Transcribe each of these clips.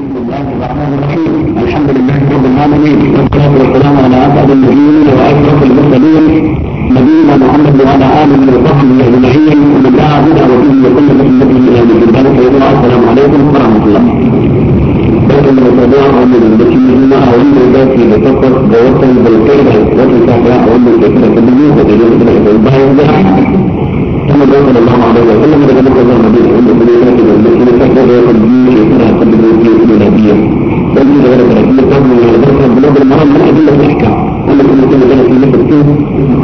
بسم الله الرحمن الرحيم الحمد لله رب العالمين والصلاه والسلام على اسعد النبيين واشرف المرسلين نبينا محمد وعلى اله وصحبه اجمعين ومن دعا بدعوته وكل بسنته الى يوم الدين السلام عليكم ورحمه الله لكن المتابعة من التي هم أعلم ذاتي لفقط بوطن بالكلمة وتتابع أعلم ذاتي لفقط بوطن بالكلمة ثم جاء صلى الله عليه وسلم إلى جبل الله المدينة عند ابن يوسف الذي يسحب ويقدم شيخنا قبل الوجود من نبيه بل إذا ولد نبيه قبل أن يدرس بلغ المرام من أدلة الأحكام أما كل كلمة في مثل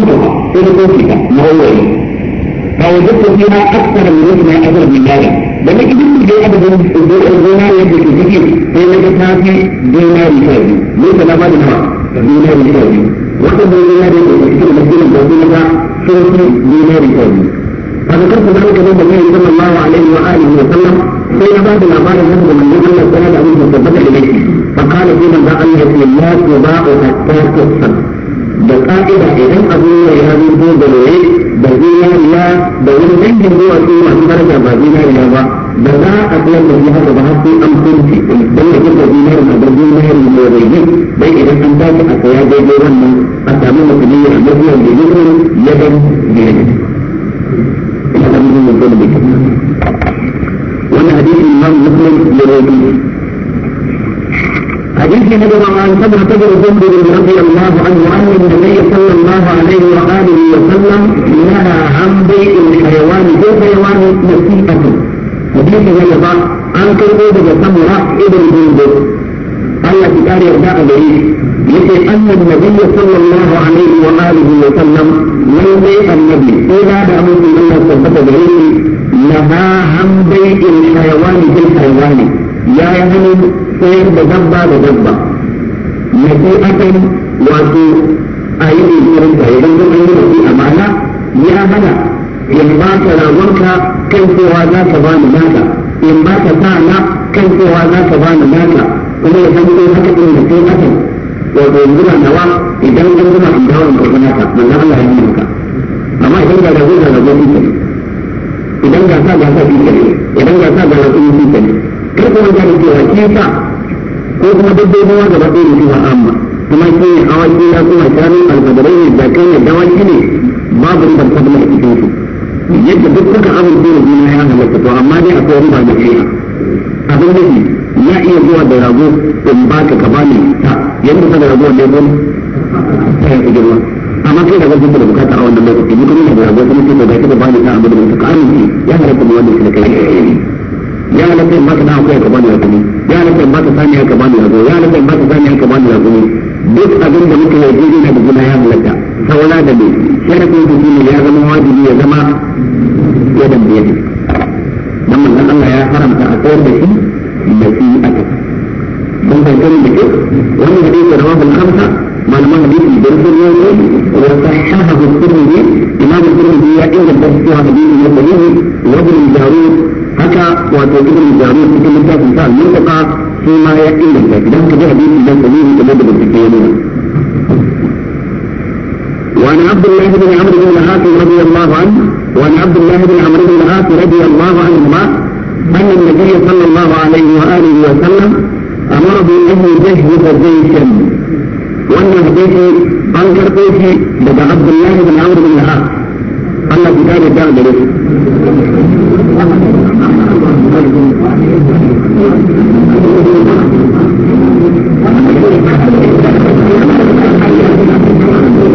فقلتها فلقوتك ما هو فوجدت فيها أكثر من وجهة أجر من ذلك بل إذن في عدد الدينار يبدو في كثير فإن وجدتها في دينار ثاني ليس لا بد منها دينار ثاني وقد دينار كثير مسجد بوزنها ثلث دينار ثاني فذكرت ذلك عند النبي صلى الله عليه وآله وسلم بين بعض الأعمال النبي من يقول الصلاة أو المتبدل إليه فقال في من ذا الله في الناس وباء حتى تحصل da ka'ida idan abu ya zo dogare da zinariya da wani dangin zuwa su masu daraja ba zinariya ba da za a tsayar da shi haka ba har sai an kunci don da kuka zinari a ga zinari mai rage dai idan an tashi a saya daidai wannan a sami musulmi a mafiyan da yake ya dan da mutum da Wannan hadisin Imam Muslim ya rage حديث نبوة عن سبعة بن جندب رضي الله عنه أن النبي صلى الله عليه وآله وسلم نهى عن بيع الحيوان في الحيوان نسيئة حديث نبوة عن كتب سمرة ابن جندب قال تعالى يرجع إليه يقول أن النبي صلى الله عليه وآله وسلم بيع النبي إذا دعوه الله ثبت بعلمه نهى عن بيع الحيوان في الحيوان ya yi hannun sai da dabba da dabba na fi akan wato a yi ɗinkirin ta idan zama yi mafi amana ya hana in ba ka ragonka kan cewa za ka ba ni naka in ba ka sa na kan cewa za ka ba ni naka kuma ya san ko haka ɗin da sai hakan wato yanzu na nawa idan an zama in dawo in karɓi naka manzan Allah ya yi maka amma idan ga rago ga rago shi idan ga sa ga sa shi idan ga sa ga rago shi kar kuma gane cewa sa ko kuma dabbobi ma gaba ɗaya ne a amma kuma shi ne awaki na kuma shanu alfadarai ne dakai ne dawaki ne babu ribar sabon a cikin su yadda duk suka amince da juna ya halatta to amma dai akwai riba da shari'a abin nufi ya iya zuwa da rago in ba ka ka bani ta yadda ka da rago ne gun ta yi girma amma kai da wajen da bukata a wannan lokaci duk ne da rago kuma sai da ka da bani ta abin da ka amince ya halatta mu wannan shi da kai ya halatta in baka akwai ka bani razumi ya halatta in saniya ka bani razumi ya halatta in saniya ka bani duk abin da muka yi daidai na buguna ya halatta saura da bai sharafin su shine ya zama wajibi ya zama ya dambe ne dan manzon Allah ya haramta a koyar da shi da shi aka mun bayyana da kyau wannan hadisi rawahul khamsa malaman hadisi da sun yi ne wa sahahahu tirmidhi imam tirmidhi ya inganta shi hadisi ne wa ibn jarud ibn ma ka hadisi da وعن عبد الله بن عمرو بن العاص رضي الله عنه وعن عبد الله بن عمرو بن العاص رضي الله عنهما أن النبي صلى الله عليه وآله وسلم أمر بأن يجهز جيشا وأن هديه أنكر به لدى عبد الله بن عمرو بن العاص Allah ki kare ta gare su Thank you.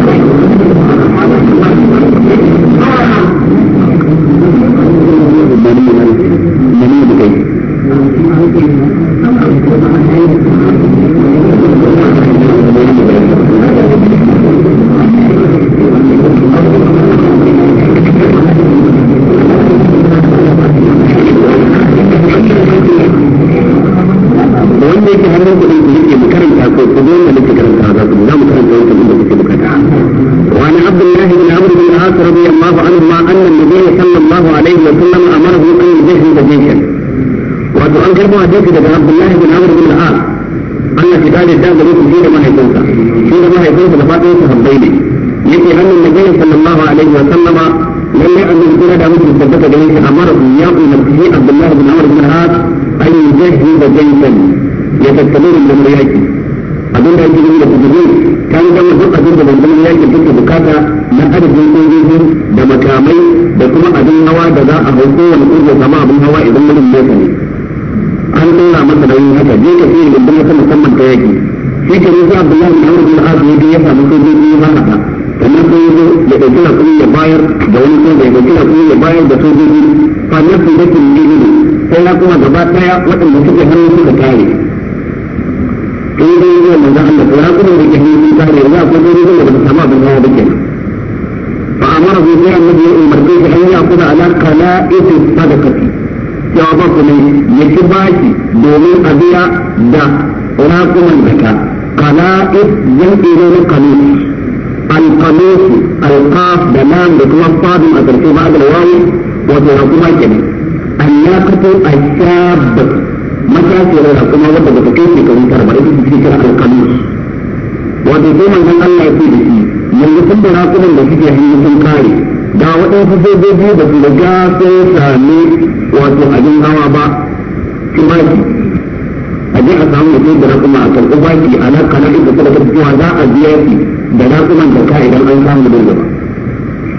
kuma a kan ubaki a nan kana inda kuma tafiya za a biya shi da raƙuman da ka idan an samu da gaba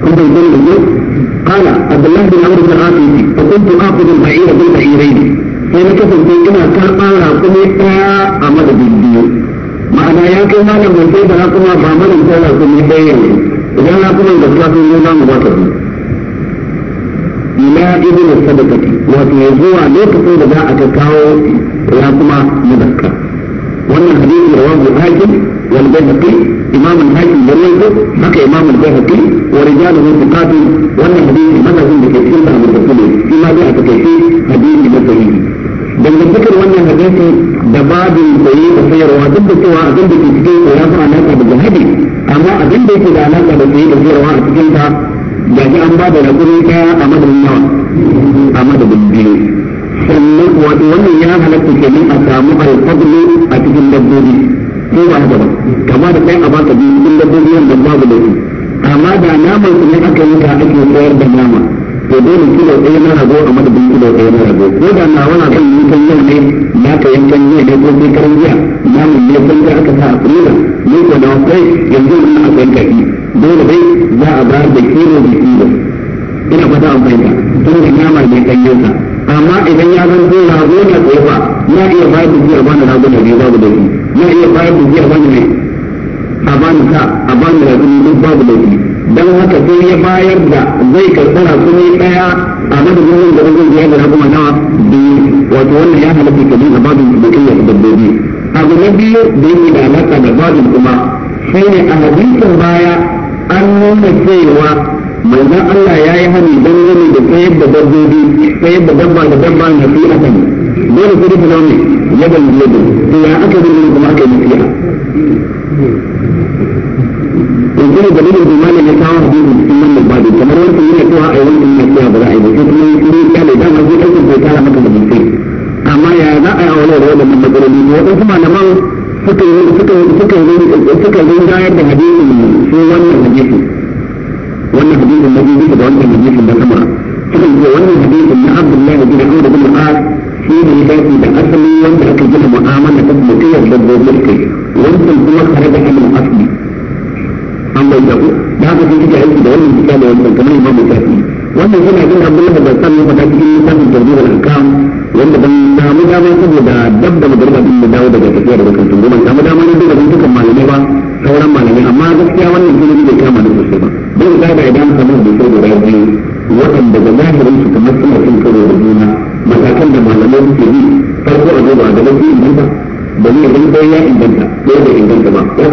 kun bai gani da قال عبد الله بن عمرو بن العاص فكنت اخذ البعير بالبعيرين sai na kasance ina karɓar raƙumi ɗaya a madadin biyu ma'ana ya kai mana mai sai da raƙuma ba malam sai raƙumi ɗaya ne idan raƙuman da suka sun zo za mu ba ka biyu ila ibn sadaqati wato ya zuwa lokacin da za a ta kawo raƙuma mudakka وان الحديث رواه الهاجم والبيهقي امام الهاجم بريده حكى امام البيهقي ورجاله فقاتل وان الحديث مذهب بكثير من المتكلم فيما جاء بكثير حديث مثلي بل الذكر وان الحديث دباب طيب وهي رواه ضد سوى اظن بكثير ولا ترى ناقه بالذهبي اما اظن بك اذا ناقه بالطيب وهي رواه بكثير جاء امبابه لقوله تعالى امد الله امد بالدين sannan wannan ya halatta nan a samu alfadlu a cikin dabbobi ko ba haka ba kama da kai a baka biyu cikin dabbobi wanda babu da amma da naman su ne aka yi ka ake koyar da nama to dole kilo ɗaya na rago a madadin kilo ɗaya na rago ko da na wani kan yankan yau ne na ka yankan yau ne ko sai karan jiya namun ne sun aka sa a kurila ne ko da wasu yanzu wani aka yanka shi dole dai za a bayar da kilo da kilo ina fata ka tun da nama ne kan yanka amma idan ya zan zo rago ne ko ba ya iya bayar da jiya bani da ne biyu babu laifi ya iya bayar da jiya bani ne a bani ka a bani da ne duk babu laifi dan haka sai ya bayar da zai karɓi rago ne ɗaya a madadin wanda zai biya da rago nawa biyu wato wannan ya halatta kabin a babin bukayyar dabbobi abu na biyu da yi da alaƙa da babin kuma shine a hadisin baya an nuna cewa manzon Allah ya yi hani dangane da tsayar da dabbobi tsayar da dabba da dabba na fi a kan dole ku rufe nauyi ya ban biyo da su ya aka yi ne kuma aka yi fiya in kuma da dalilin da malam ya kawo hadisi cikin nan wannan da kamar wanda yana cewa a wannan yana cewa ba za a yi ba sai kuma yi kuma ya ne dama zai aikin bai tara maka da bincike amma ya za a yi a wani da mun matsaloli ne waɗansu malaman suka yi suka yi suka yi suka yi gayar da hadisin su wannan hadisin na biyu da wannan hadisin da kuma suka ce wannan hadisin na Abdullahi bin Amr bin Al-As shi ne ya dace da asali wanda aka gina mu'amala ta mutiyar dabbobi kai wancan kuma tare da ilmin asali an bai da da haka sun kike aiki da wannan kika da wannan kamar imam Shafi wannan yana jin Abdullahi bin Sami ba ta cikin lissafin tarbiyya da alkam wanda ban samu dama saboda dab da da da kama na sosai ba za da idan sanar da sai guda biyu waɗanda da zahirin su kamar suna cin karo da juna matakan da malamai suke bi farko a ya inganta ɗaya inganta ba ya da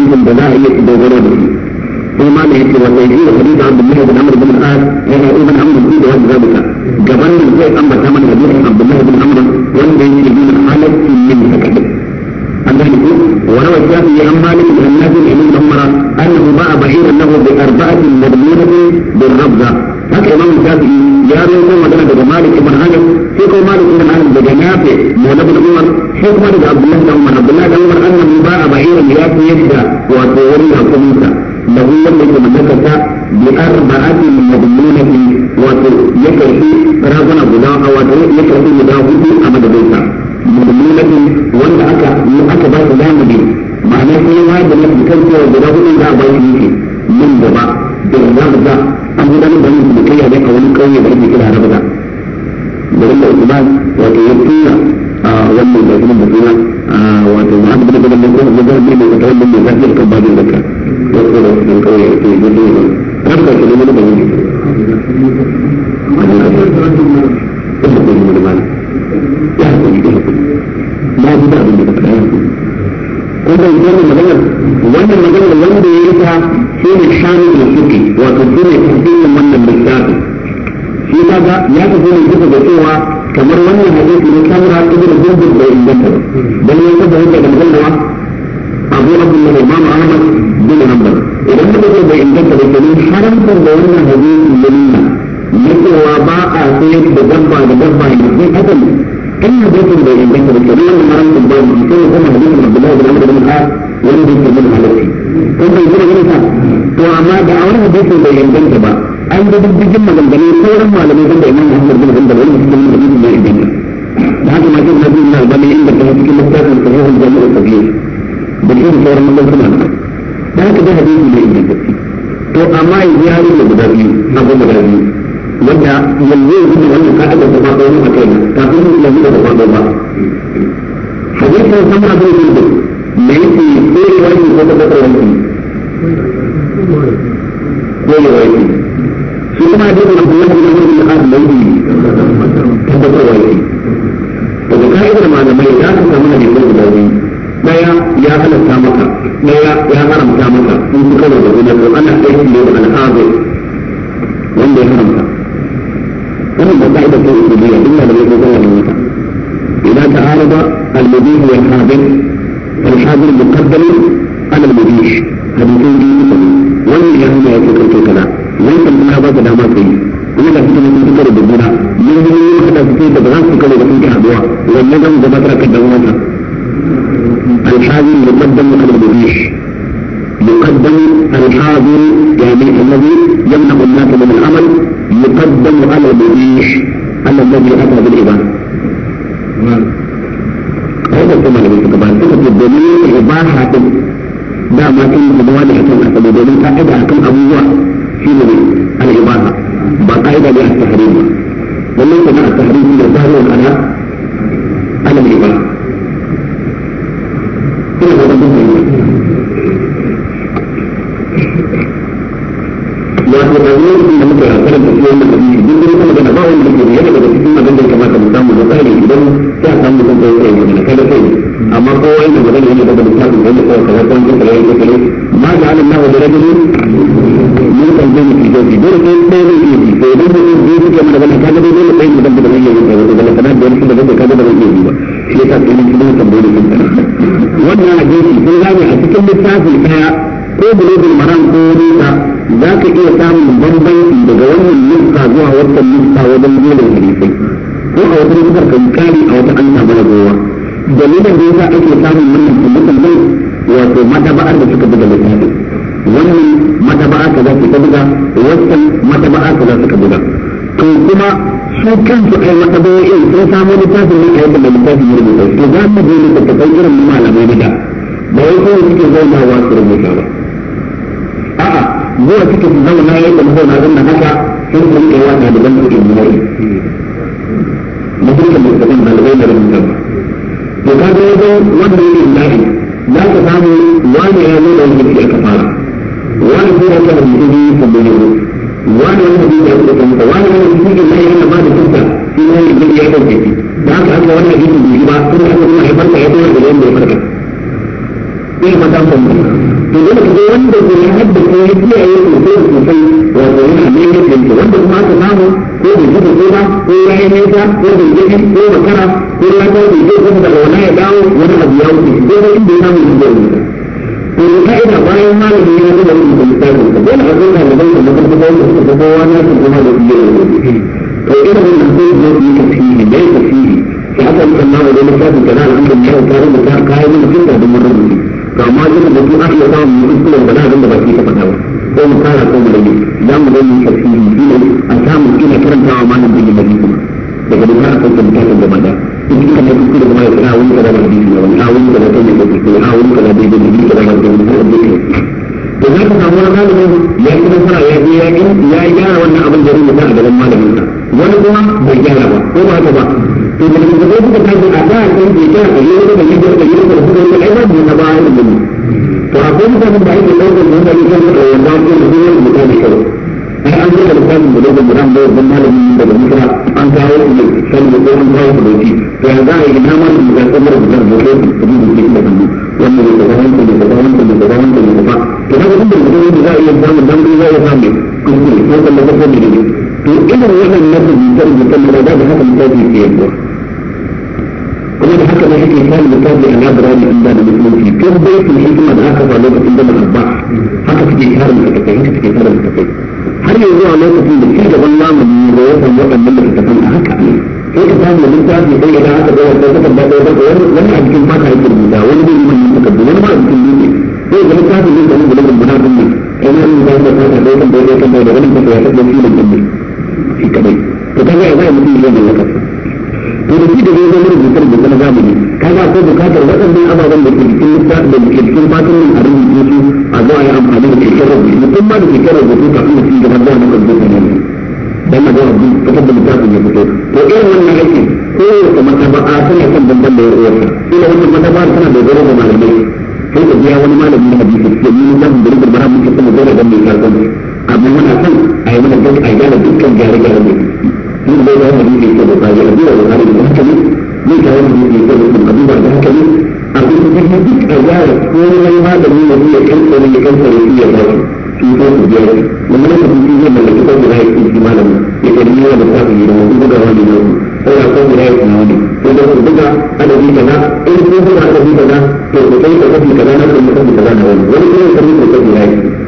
حديث الجماعي بغرضه ثم ما يحكي والله حديث عبد الله بن عمرو بن العاص لما ابن عمرو بن ذلك جبل awon kada da bibi wani awon kada da bibi wani wani kada da bibi da bibi wani samu wani malami wannan abin da rubuta a gaban malamin sa bai gyara ba ko ba haka da kuma zai kuka tafi a ba kan bai gyara a yi wani bai ta ba to akwai mutanen da ake lokacin da ya yi kan da ya yi ya ya ya ya yi yi ba ya yi ba ya ya ya ya yi ba ya ya yi ba ya yi ba ya yi ba in an zo da lissafin da lokacin guda da wajen malamin daga misra an kawo su da kalmi ko an kawo su doki to ya za a yi na masu da kamar da zan zoke su su ke da hannu wanda ya kaza hankali da kaza hankali da kaza hankali da kaza to haka inda da zai za a iya samun dan bai za a samu kuskure ko kan da kafa da ne to irin wannan nasu bitar bitar da ba da haka lissafi ke yanzu da haka ne yake kan da a labarari in da musulunci kan baitin hikima da aka faru lokacin da ba haka suke kare mutakai haka suke kare mutakai har yanzu a lokacin da shi gaban lamuni da ya samu da mutakan a haka ne sai ka samu littafi sai idan aka ga wanda suka ba ɗaya ba wani a cikin fata yake rubuta wani bai yi mai suka ba a cikin dutse sai ga littafin zai zama gulubin guna gumbi kai na yin zama fata ɗaya kan ɗaya kan ɗaya da wani fata ya taɓa shi da gumbi shi kaɗai to kaga ya zai mutum zai mallaka to da shi da zai zama rubuta rubuta na zamani kaga ko bukatar waɗannan ababen da ke cikin littafi da ke cikin fatan nan a rubuce su a zo a yi amfani da keken rubutu mutum ma da keken rubutu kafin da shi gaba da wani rubuta ne dan na zuwa duk fitar da littafin ya fito to irin wannan yake kowace mataba'a tana kan bambam da yawarta ila wannan mataba'a tana dogaro da malamai sai ka biya wani malami na hadisi ya nuna zan bari da bara muke sama dole dan mai karɓar amma muna son a yi mana duk a gyara dukkan gyare gyare da ni da ya hadi ne ke bukari a biya bukari da hankali ni ka yi ne ke bukari a biya da hankali a duk da ke duk a yara komai magani ne ya kankare ya kankare shi ya bari shi ko su biya shi mun ne su ji ne da ke da ya ke shi malami ya ke ne da ta yi da mun da wani ne ko ya ko da ya ke ne ko da buga adadi da wani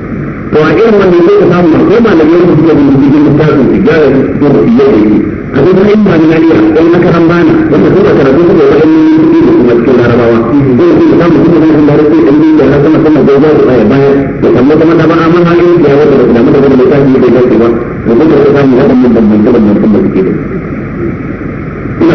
to a irin wanda ya ka samu akwai malamai da suke bin cikin littafin su gyara su da fiye da yi a duk wani malamariya ɗan na karan bana wanda sun ka karatu suka wani da kuma cikin larabawa ko da suka samu suka zama da ɗan biyu da na sama sama gaba da baya baya da kamar kuma da ba a man hanyar ya wata da kuma da wani littafi da ya dace ba da kuma da samu waɗannan bambance da suke da ina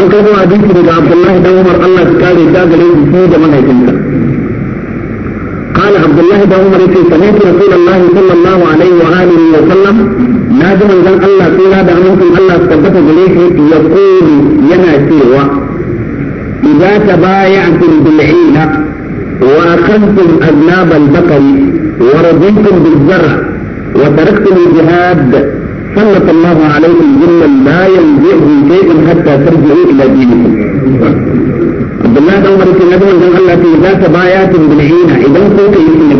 an hadisi daga dan Umar Allah ya kare ta gare shi da mahaifinsa قال عبد الله بن عمر في سمعت رسول الله صلى الله عليه واله وسلم نادما من الله سيرا دا ممكن الله ثبت عليه يقول ينا سيوا اذا تبايعتم بالعين واخذتم اذناب البقر ورضيتم بالزرع وتركتم الجهاد سلط الله عليه ذلا لا ينزعه شيء حتى ترجعوا الى دينكم. عبد الله بن عمر كان يقول ان الله في ذات بايات بالعينه اذا كنت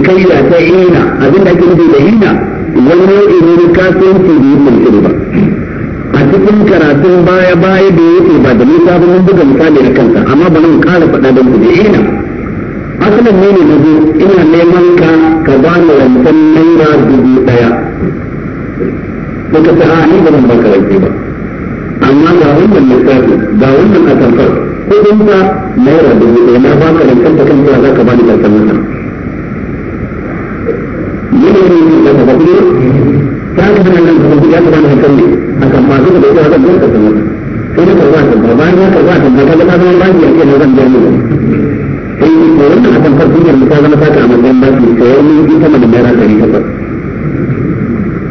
كي لا تعينا اذن لك بالعينة بعينا ولو ان كاسين في دين الكذبه. a cikin karatun baya baya da yake ba da nisa ba mun buga misali da kansa amma ba nan أصلا مين don ku ina asalin ne ne na ina neman suka a ni ba zan baka rake ba amma ga wannan lissafi ga wannan atamfar kudin naira na da kanta za ka bani yadda ne da ba kuɗi ta ka hana nan ya ka bani karshen ne a kan masu da ita sai ta ba bayan ya ta ba ta zama ya na zan biya ne sai wannan atamfar duniyar ta zama ta ka a matsayin baki wani ita da naira ɗari takwas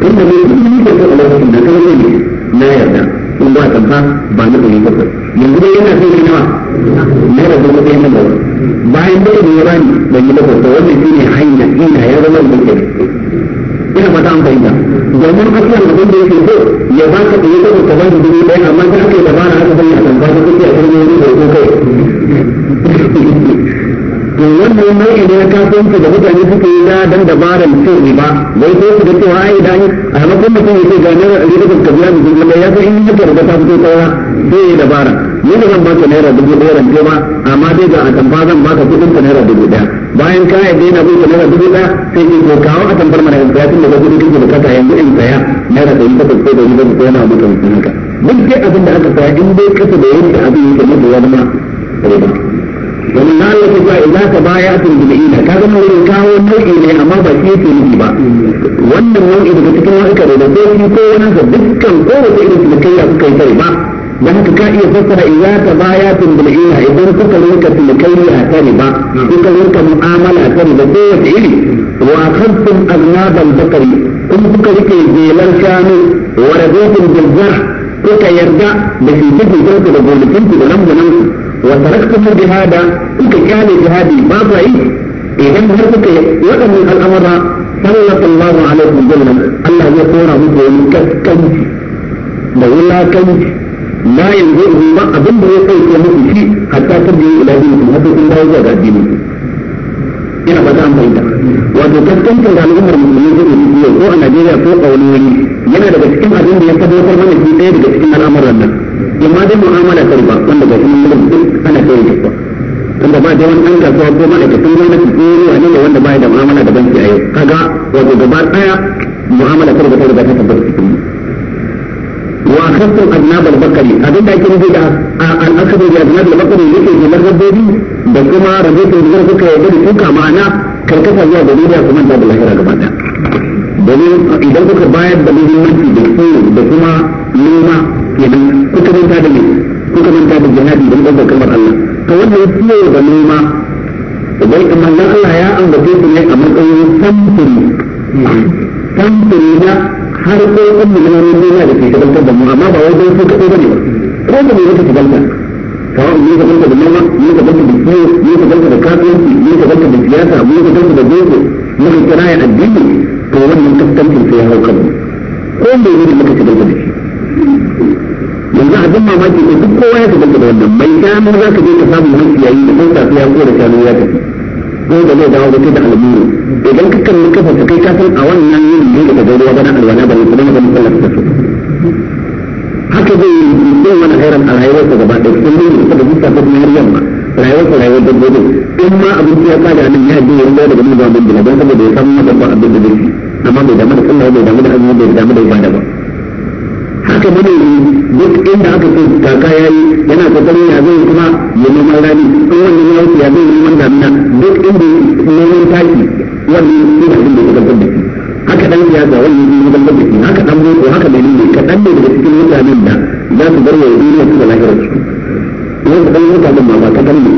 tun da mai kudi da kai Allah sun da kai ne na yarda in ba tamfa ba na kudi ba yanzu dai yana sai ne nawa na da kuma sai na bayan da ne ba ni yi ba to wannan shine hanya ina ya zama da kai ina fata an fahimta domin asiyan abin da yake so ya ba ka ɗaya a ka ba shi dubu ɗaya amma ta aka yi dabara aka sanya tamfa ta kuke a cikin wani hoto kai to wannan nau'i ne na kasuwanci da mutane suke yi na dan dabarar cin riba wai sai su ga cewa ai dan a maimakon mutum ya ce ga naira ɗari da kuka biya mutum kuma ya san in ya haka riba ta fito sai ya dabara ni da zan baka naira dubu ɗaya rance ba amma dai ga atamfa zan baka kuɗin ka naira dubu daya bayan ka yadda yana bai naira dubu ɗaya sai ke ko kawo atamfar mana in saya tun da gudu kuɗi kake bukata yanzu in saya naira ɗari takwas ko da bakwai ko yana mutum haka duk dai abin da aka saya in dai kasa da yadda abin yake ne da ya zama riba domin na yi kusa idan ka baya tun da ina ka zama wurin kawo nau'i ne amma ba shi yake nufi ba wannan nau'i daga cikin nau'ika da ko shi ko wani ka dukkan kowace irin cinikayya kuka yi kai ba da haka ka iya fassara idan ka baya tun da ina idan kuka rinka cinikayya ta ba kuka rinka mu'amala ta ko kowace iri wa khamsun aznabal bakari kuma kuka rike jelar shanu wa rajatul bilzah kuka yarda da shi take da gonakin ku da nan وتركتم بهذا كنت كان جهادي ما ضعيف إذا هرتك وقم الأمر صلى الله عليه وسلم الله يقول مثل كالكنج لولا كنج لا ينظره ما أظن يقول في شيء حتى ترجع إلى دينكم حتى تنظر إلى دينكم ina ba za a fahimta wato kaskantar da al'ummar musulmi zai yi ko a najeriya ko a wani wuri yana daga cikin abin da ya tabbatar mana shi ɗaya daga cikin al'amuran nan amma dai mu'amala ta riba wanda ba kuma mulki ana kai da kuwa ba da wani ɗan kasuwa ko ma'aikatan gwamnati ko wani ne wanda ba da mu'amala da banki a yau kaga wato gaba ɗaya mu'amala ta riba ta riba ta tabbata cikin mu wa khassun adnab al-bakari abin da ake nufi da al-akhd bi al-bakari yake da rabbobi da kuma rabotun da suka yarda da suka ma'ana karkata zuwa da duniya kuma da lahira gaba ɗaya domin idan kuka bayar da muhimmanci da su da kuma noma kenan kuka manta da me kuka manta da jihadi don ɗaukar kalmar Allah to wannan ciwo da noma idan manzon Allah ya ambace su ne a matsayin samfuri samfuri na har ko ɗan miliyoyin duniya da ke da mu amma ba wai don su kaɗai ba ne ba ko da ne ka shagaltar kawai ne ka ganta da noma ne ka ganta da kiwo ne ka ganta da kasuwanci ne ka ganta da siyasa ne ka ganta da boko ne ka kira ya addini to wannan kaskancin sai ya hau ko mai ne da muka shigar da shi yanzu abin mamaki ne duk kowa ya ka da wannan mai shanu za ka je ka samu mafi yayi da kanka ya ko da shanu ya tafi ko da zai dawo kai da alamuru idan ka kalli kafa ka kai ka san a wannan yin ne da dawo ba na alwana ba ne kuma ba musallar ta su haka zai yi yin wani hairan a rayuwar rayuwarsa gaba ɗaya sun yi ne saboda bisa ko duniyar yamma rayuwar rayuwarsa rayuwar dabbobin in ma abinci ya kada nan ya je yin daga nan ba mun bila don saboda ya samu masa ba abin da zai amma bai damu da sallah bai damu da azumi bai damu da ibada ba haka mana duk inda aka ce kaka ya yi yana kokarin ya zai kuma ya neman rani in wannan ya wuce ya zai neman damina duk inda neman taki wannan ya ne abin da ya gabatar da shi haka dan siyasa wannan shi ne gabatar da shi haka dan boko haka mai ne dan ne daga cikin mutanen da za su bar wa duniya su da lahirar su wanda dan mutanen ma ba dan ne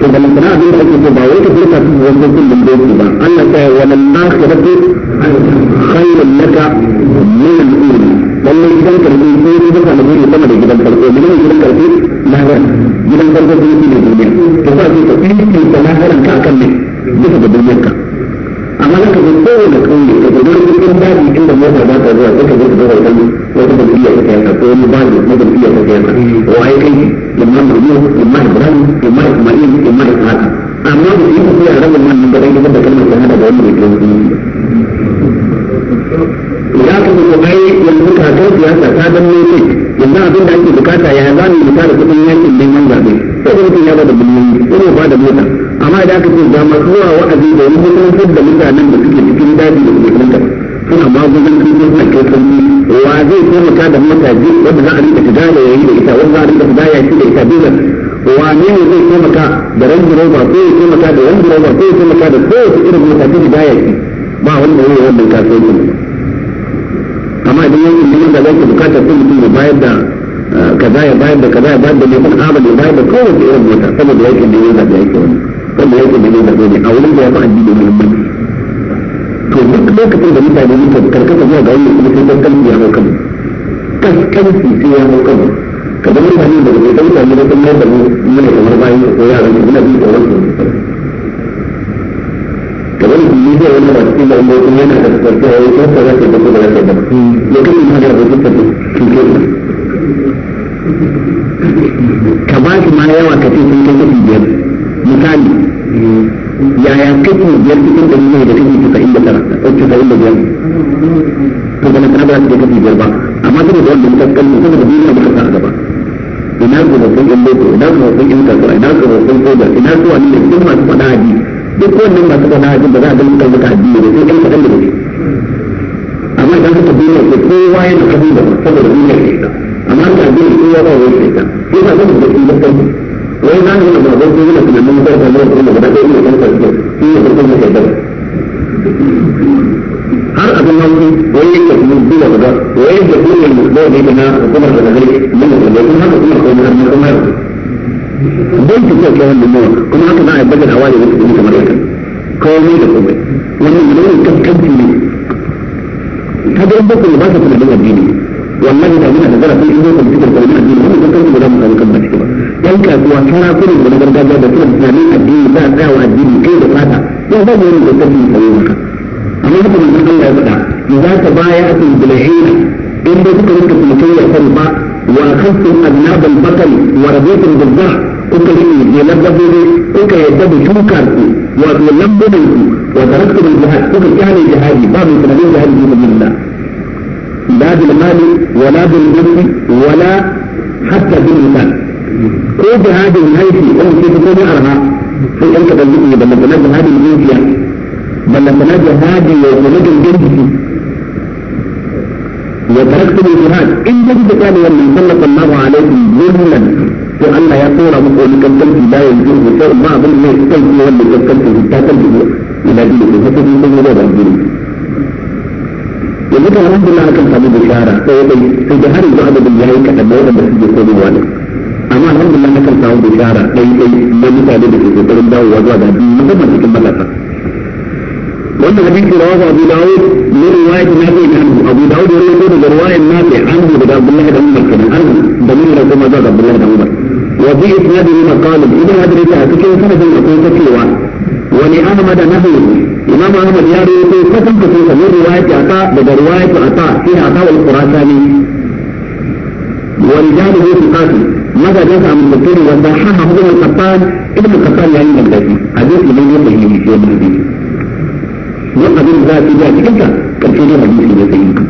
to da masana abin da ake so ba wai ka furta su wannan sun da boko ba Allah ta yi wa nan akhiratu khairun laka min al-ula lallai gidan karfi ko gidan karfi ne sama da gidan karfi ne gidan karfi lahiran gidan karfi ne shi ne duniya to sa ce ka fifi ta lahiran ka akan ne bisa da duniyar ka amma nan ka zo kowane kauye ka zo wani cikin daji inda mota ba ta zuwa sai ka ka zo wani wata jam'iyya ko wani na jam'iyya kai amma da yi a rabin wannan da ɗan gidan da kalmar da wani ya kuma ku ai yanzu kakar siyasa ta dan nufi yanzu abin da ake bukata ya za mu fita da kudin yakin neman zaɓe sai da mutum ya bada biliyoyi ko ba da mota amma idan aka ce ga masu zuwa wa'azi da wani mutum da mutanen da suke cikin daji da suke kanta suna magudan kudin suna kai sauki wa zai taimaka da mataji wanda za a rika tijara yayi da ita wanda za a rika tijara shi da ita bisa wane ne zai taimaka da rangi roba ko ya taimaka da rangi roba ko ya taimaka da kowace irin mataji da ya ba wanda zai yi wannan kasuwanci amma idan yankin neman da zai bukatar sun mutum ya bayar da eh, kaza ya bayar da kaza ya bayar da neman abin ya bayar da kowace irin mota saboda yankin neman zaɓe yake wani saboda yankin neman zaɓe ne a wurin da ya fi addini muhimmanci to duk lokacin da mutane muka karkata zuwa ga wani kuma sai kaskanci ya hau kanmu kaskanci sai ya hau kanmu kamar mutane da bai ɗauka da sun mayar mu muna kamar bayan ko yaran mu muna bi da wani kamar da ni da wannan masu cikin da kuma yana da tsarki a wajen ta zaka da kuma zaka da lokacin da da kuma ta tuke ka ba shi ma yawa ka ce sun kai kashi biyar misali yaya kashi biyar cikin ɗari ne da kashi casa'in da tara casa'in da biyar to ba na kana ba su da kashi biyar ba amma saboda wanda muka kalli saboda duniya muka sa gaba ina ga babban yan loko ina ga babban yan kasuwa ina ga babban soja ina ga wani ne duk masu faɗa hadisi duk wannan masu kauna a ba za a ganin kan maka addini ne sai ɗan kaɗan da ne amma idan haka duniya ce kowa yana kaɗan da saboda duniya ce ta amma haka addini kowa ba wani ce ta sai ba zan da shi da kanku wai na nuna ba zan yana tunanin mutar da mura kuma ba ɗaya ne kan sarki shi ne farkon mai shaidar har abin nan wai yake kuma duba ba wai yake kuma mai mutuwa ne na hukumar da zai yi mun da kuma haka kuma kuma kuma kuma don ta ce kewan da mawa kuma haka za a bajar hawa da wata kamar haka komai da komai wannan nau'in kaskanci ne ta gurin bakwai ba ta kuma da addini والله da muna da zarafin in zai cikin kalmi addini wannan kan kanmu da mu samu kan baki ba yan kasuwa kana kurin da gargajiya da kiran tunanin addini ba tsaya wa addini kai da fata in ba mu yin da kalmi sai maka amma haka mun san ya faɗa idza ta baya atul bilahina in da kuka rinka kuma kai ya san ba wa khassu adnab al-batal wa rabitul bizah kuka yi ya labbabe kuka yadda da duka ku wato lambobin ku wa taraktu bil jihad kuka kyale jihadi ba mai tunanin jihadi ne da Allah la bil mali wala bil nafsi wala hatta bil lisan ko jihadin haifi in ce ko ne arha sai an kaɗan duk da magana jihadin zuciya ballantana jihadi ya kuma gangan jiki وتركتم الجهاد ان تجد قال والنبي صلى الله عليه وسلم جو اللہ ہے پورا مقول مکمل کی بائے جو ہے تو ماں بل میں کل کی ہے مکمل کی بتا کر دیو یہ بھی ہے تو یہ تو میرا رب ہے یہ بتا رہا ہوں کہ اللہ کا سبب اشارہ تو یہ تو ہر بعد بھی ہے کہ تمام بس جو کو دیوا لے اما ہم بل نے کل سبب اشارہ ہے کہ یہ بتا دے کہ تو رب ہوا جو ہے یہ تو بس کے ملتا وأن النبي صلى الله عليه وسلم من رواية النبي عن أبو داود يقول من رواية النبي عنه عبد الله بن عمر عن دليل رسول الله عبد الله بن عمر وفي إسناده مقال ابن هدري تحكي سند أقول تكيوا ولأحمد نحو إمام أحمد يروي في قسم قسم من رواية عطاء بدا رواية عطاء في عطاء الخراساني ورجاله ثقات ماذا جاء من الدكتور وضحاها هو القطان ابن القطان يعني من ذاتي حديث لمن يقول لي في يوم الدين وقد ذات ذاتك انت كالشيء حديث لسيدك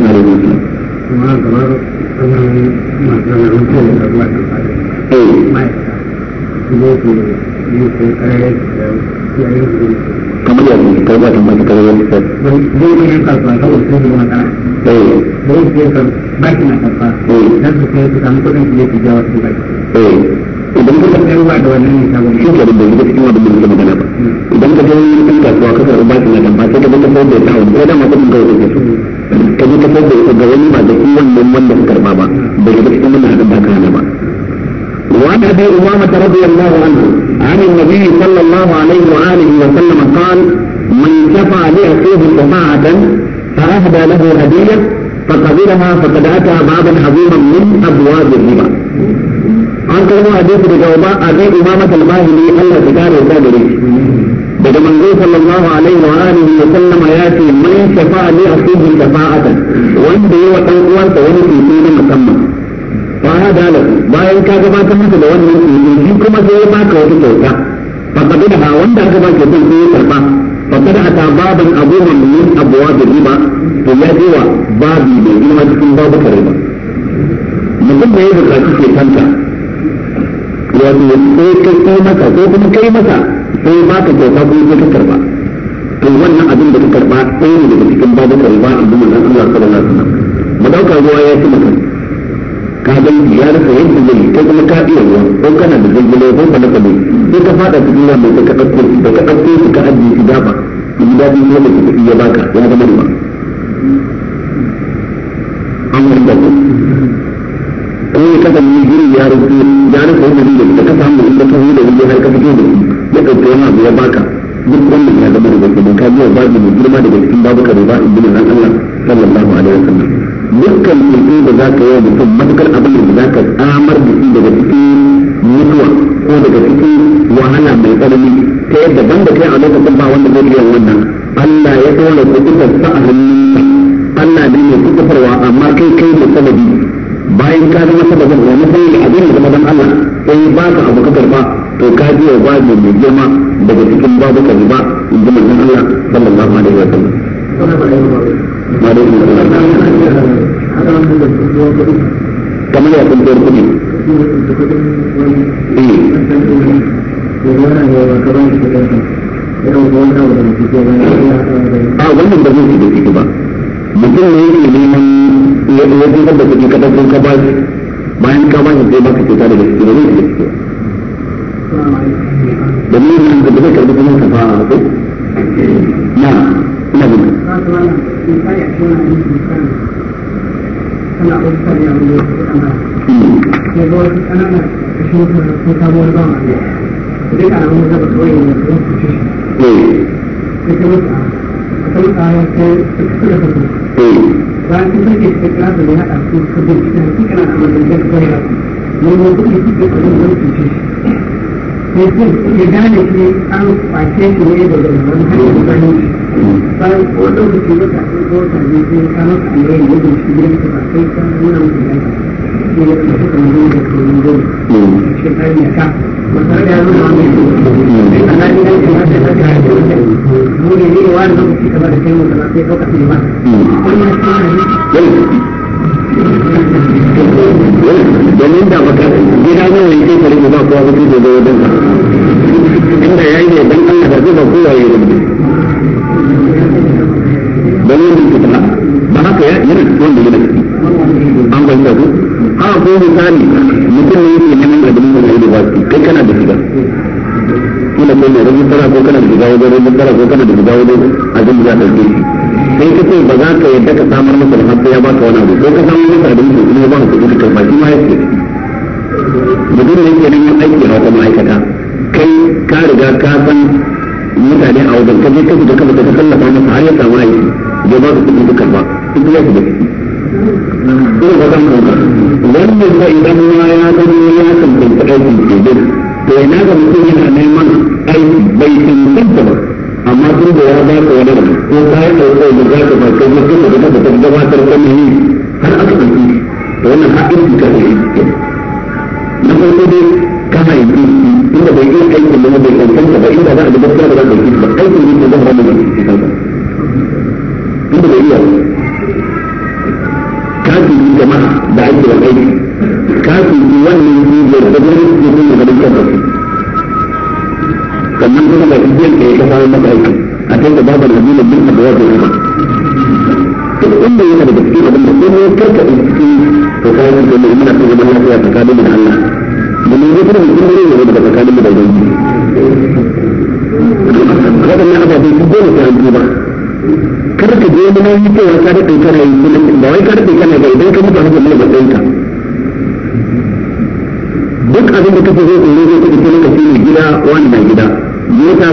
ما رضي الله Kemudian terbuat sama kita dengan kita. Boleh dengan kalpa, kalau saya belum ada. Boleh dia terbaik dengan kalpa. Dan supaya itu kami pun yang dia dijawab lebih baik. Ibu kita perlu ada dua nanti sama. Ibu kita belum kita cuma belum kita makan apa. Ibu kita perlu kita tak buat kerja ubat dengan tempat. Kita kita perlu dia tahu. Kita mahu kita perlu dia. Kita kita perlu dia sebagai lima dek. وعن ابي امامه رضي الله عنه عن النبي صلى الله عليه واله وسلم قال من شفع لاخيه شفاعه فاهدى له هديه فقبلها اتى بابا عظيما من ابواب الربا عن كلمه حديث بجوبا ابي امامه الباهلي الله تعالى وتابعه daga manzo sallallahu alaihi wa alihi wa sallama ya ce man shafa'a li akhihi shafa'atan wanda ya yawa dan uwansa wani ceto na musamman fa hada lahu bayan ka gabatar masa da wannan ceto shi kuma sai ya baka wata kyauta fa kabila ha wanda aka baka kyautar sai ya karba فقد أتى بابا أبوها من أبواب الربا فيأتي بابي بإنما تكون بابك الربا mutum da ya buƙaci ke kanta wato ko kai masa ko kuma kai masa sai ba ka kyauta ko sai ka karba to wannan abin da ka karba ɗaya ne daga cikin babu karba a ji manzon Allah ta alaihi wasallam mu dauka ruwa ya ci maka ka ga ya rasa yadda zai ko kuma ka iya ruwa ko kana da zangile ko kana da bai sai ka fada cikin ruwa mai ka dauko da ka dauko ka ajiye shi gaba in ji ne da ka ya baka ya zama ruwa kowa ya zama ya tantance aikin shebir to ina ga mutum yana neman aiki bai tantance ba amma tun da ya ba ka wani ko ka yi ɗauko da za ka ba ka yi kuma da gabatar da mai har aka ɗauki to wannan haɗin ka ne na farko dai kana yi inda bai yi aikin da bai tantance ba inda za a gabatar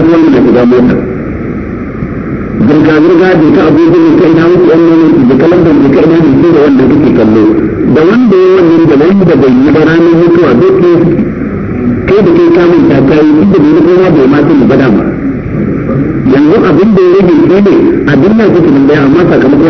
ya mota zirga-zirga da ta da kai na wuce yan nan da da kai na wuce da wanda kake da wanda ya da da bai yi ba ranar mutuwa duk ne kuma yanzu abin ya rage shi ne abin sakamakon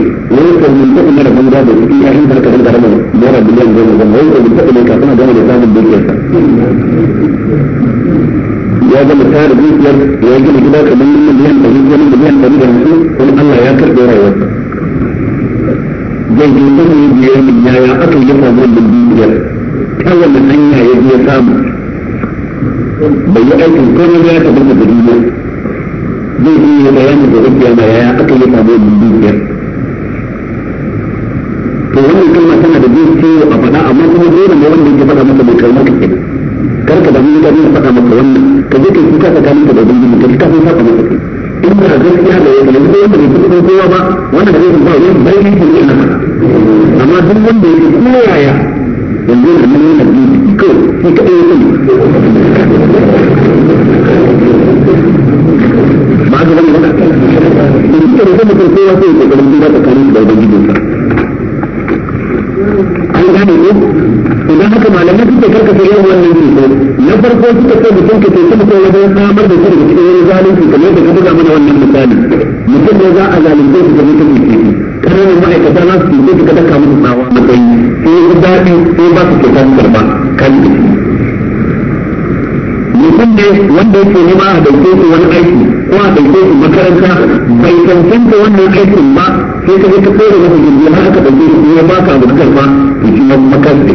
yi aikin komai ya tabbata da duniya zai yi bayanin da ya ma yaya aka yi samu duniya to wannan kalma tana da zai ce a faɗa amma kuma dole ne wanda yake faɗa masa bai kalma ka kenan kar ka damu da faɗa maka wannan ka je kai kuka tsakanin ka da ubangiji ka faɗa in ba gaskiya da yake yanzu ba wannan da zai duk wanda yake ne za a zalunce su da mutum ke kananan ma'aikata na su ke ka daka musu tsawa a kai sai yi daɗi sai ba su kyauta su karɓa kan su mutum ne wanda yake nema a dauke su wani aiki ko a dauke su makaranta bai cancanta wannan aikin ba sai ka je ka kore masa jirgi har aka dauke su ya ba ka abu na karɓa to shi ma makaranta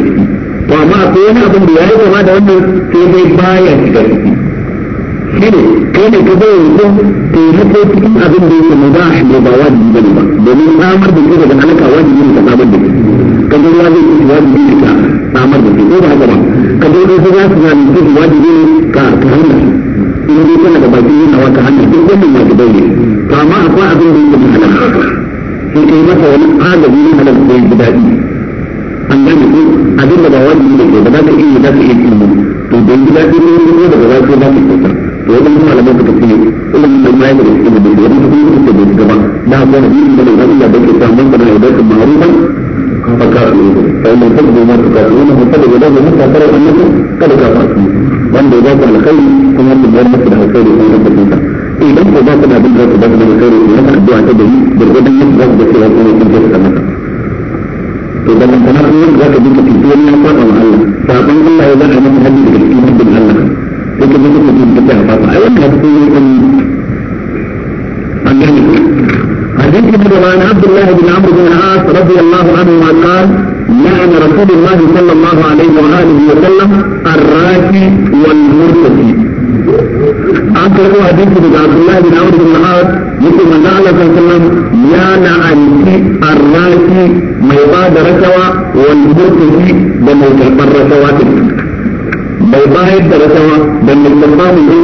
to amma akwai wani abin da ya yi kama da wannan sai dai baya shiga ciki shi ne kada ka bai yanzu taimako cikin abin da yake mu ba shi ne ba wajibi bane ba domin samar da shi daga halaka wajibi ne ka samar da shi ka ga ruwa zai ci wajibi ne ka samar da shi ko ba haka ba ka ga wasu za su zalunce shi wajibi ne ka ka hana shi in dai kana da baki yana wata hanya duk wannan wajibai ne to amma akwai abin da yake mu halaka sai kai masa wani agaji na halaka da yake daɗi an gane ko abin da ba wajibi ne ke ba za ka iya za ka iya ilimi to don gida ɗin ne ne daga wajibi za ka iya to wajen malamai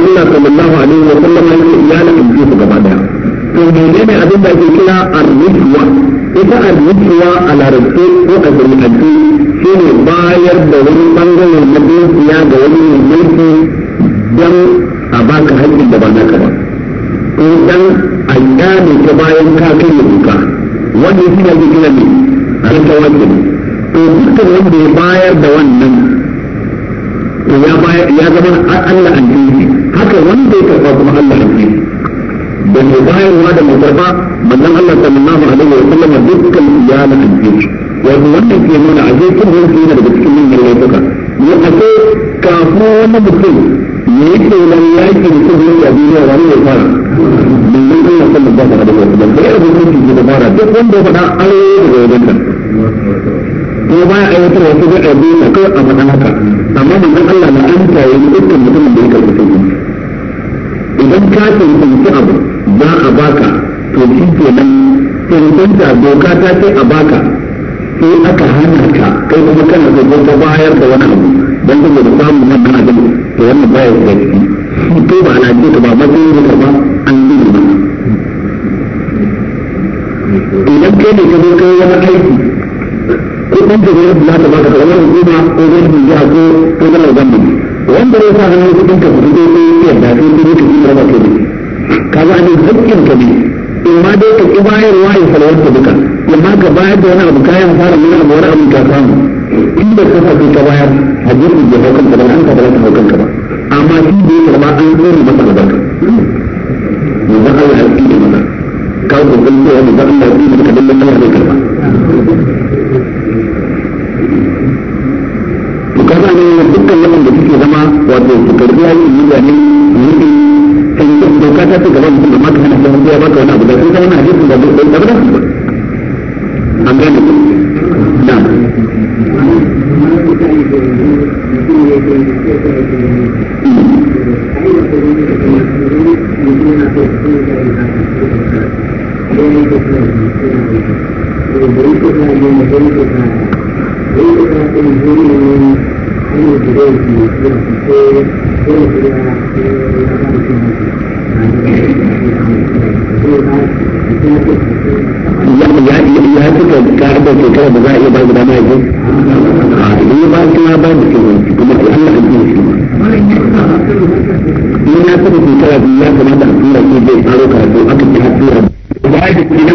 Allah sallallahu alaihi wa sallam ya ce iyalin in su gaba daya to menene abin da ake kira ar ita ar a larabci ko a shari'ance shine bayar da wani bangare na dukiya ga wani mulki dan a baka haƙƙin da ba naka ba ko dan a gane ta bayan ka kai duka wanda shi ne ake kira ne al-tawakkin to dukkan wanda ya bayar da wannan to ya bayar ya zama Allah an karba kuma Allah da mai bayarwa da mai karba manzon Allah sallallahu alaihi wa sallam dukkan ya wato wannan ke nuna a zai wani yana daga cikin laifuka ne a ko kafin wani mutum ya yi tsoron yaki da kuma a duniya wani ya fara manzon Allah sallallahu alaihi wa sallam da fara duk wanda ya faɗa an yi daga wajen ko aiwatar wasu zai aiwatar kawai a faɗa haka amma manzon Allah na an tayi dukkan mutumin da ya karɓi ഇരുപത്തി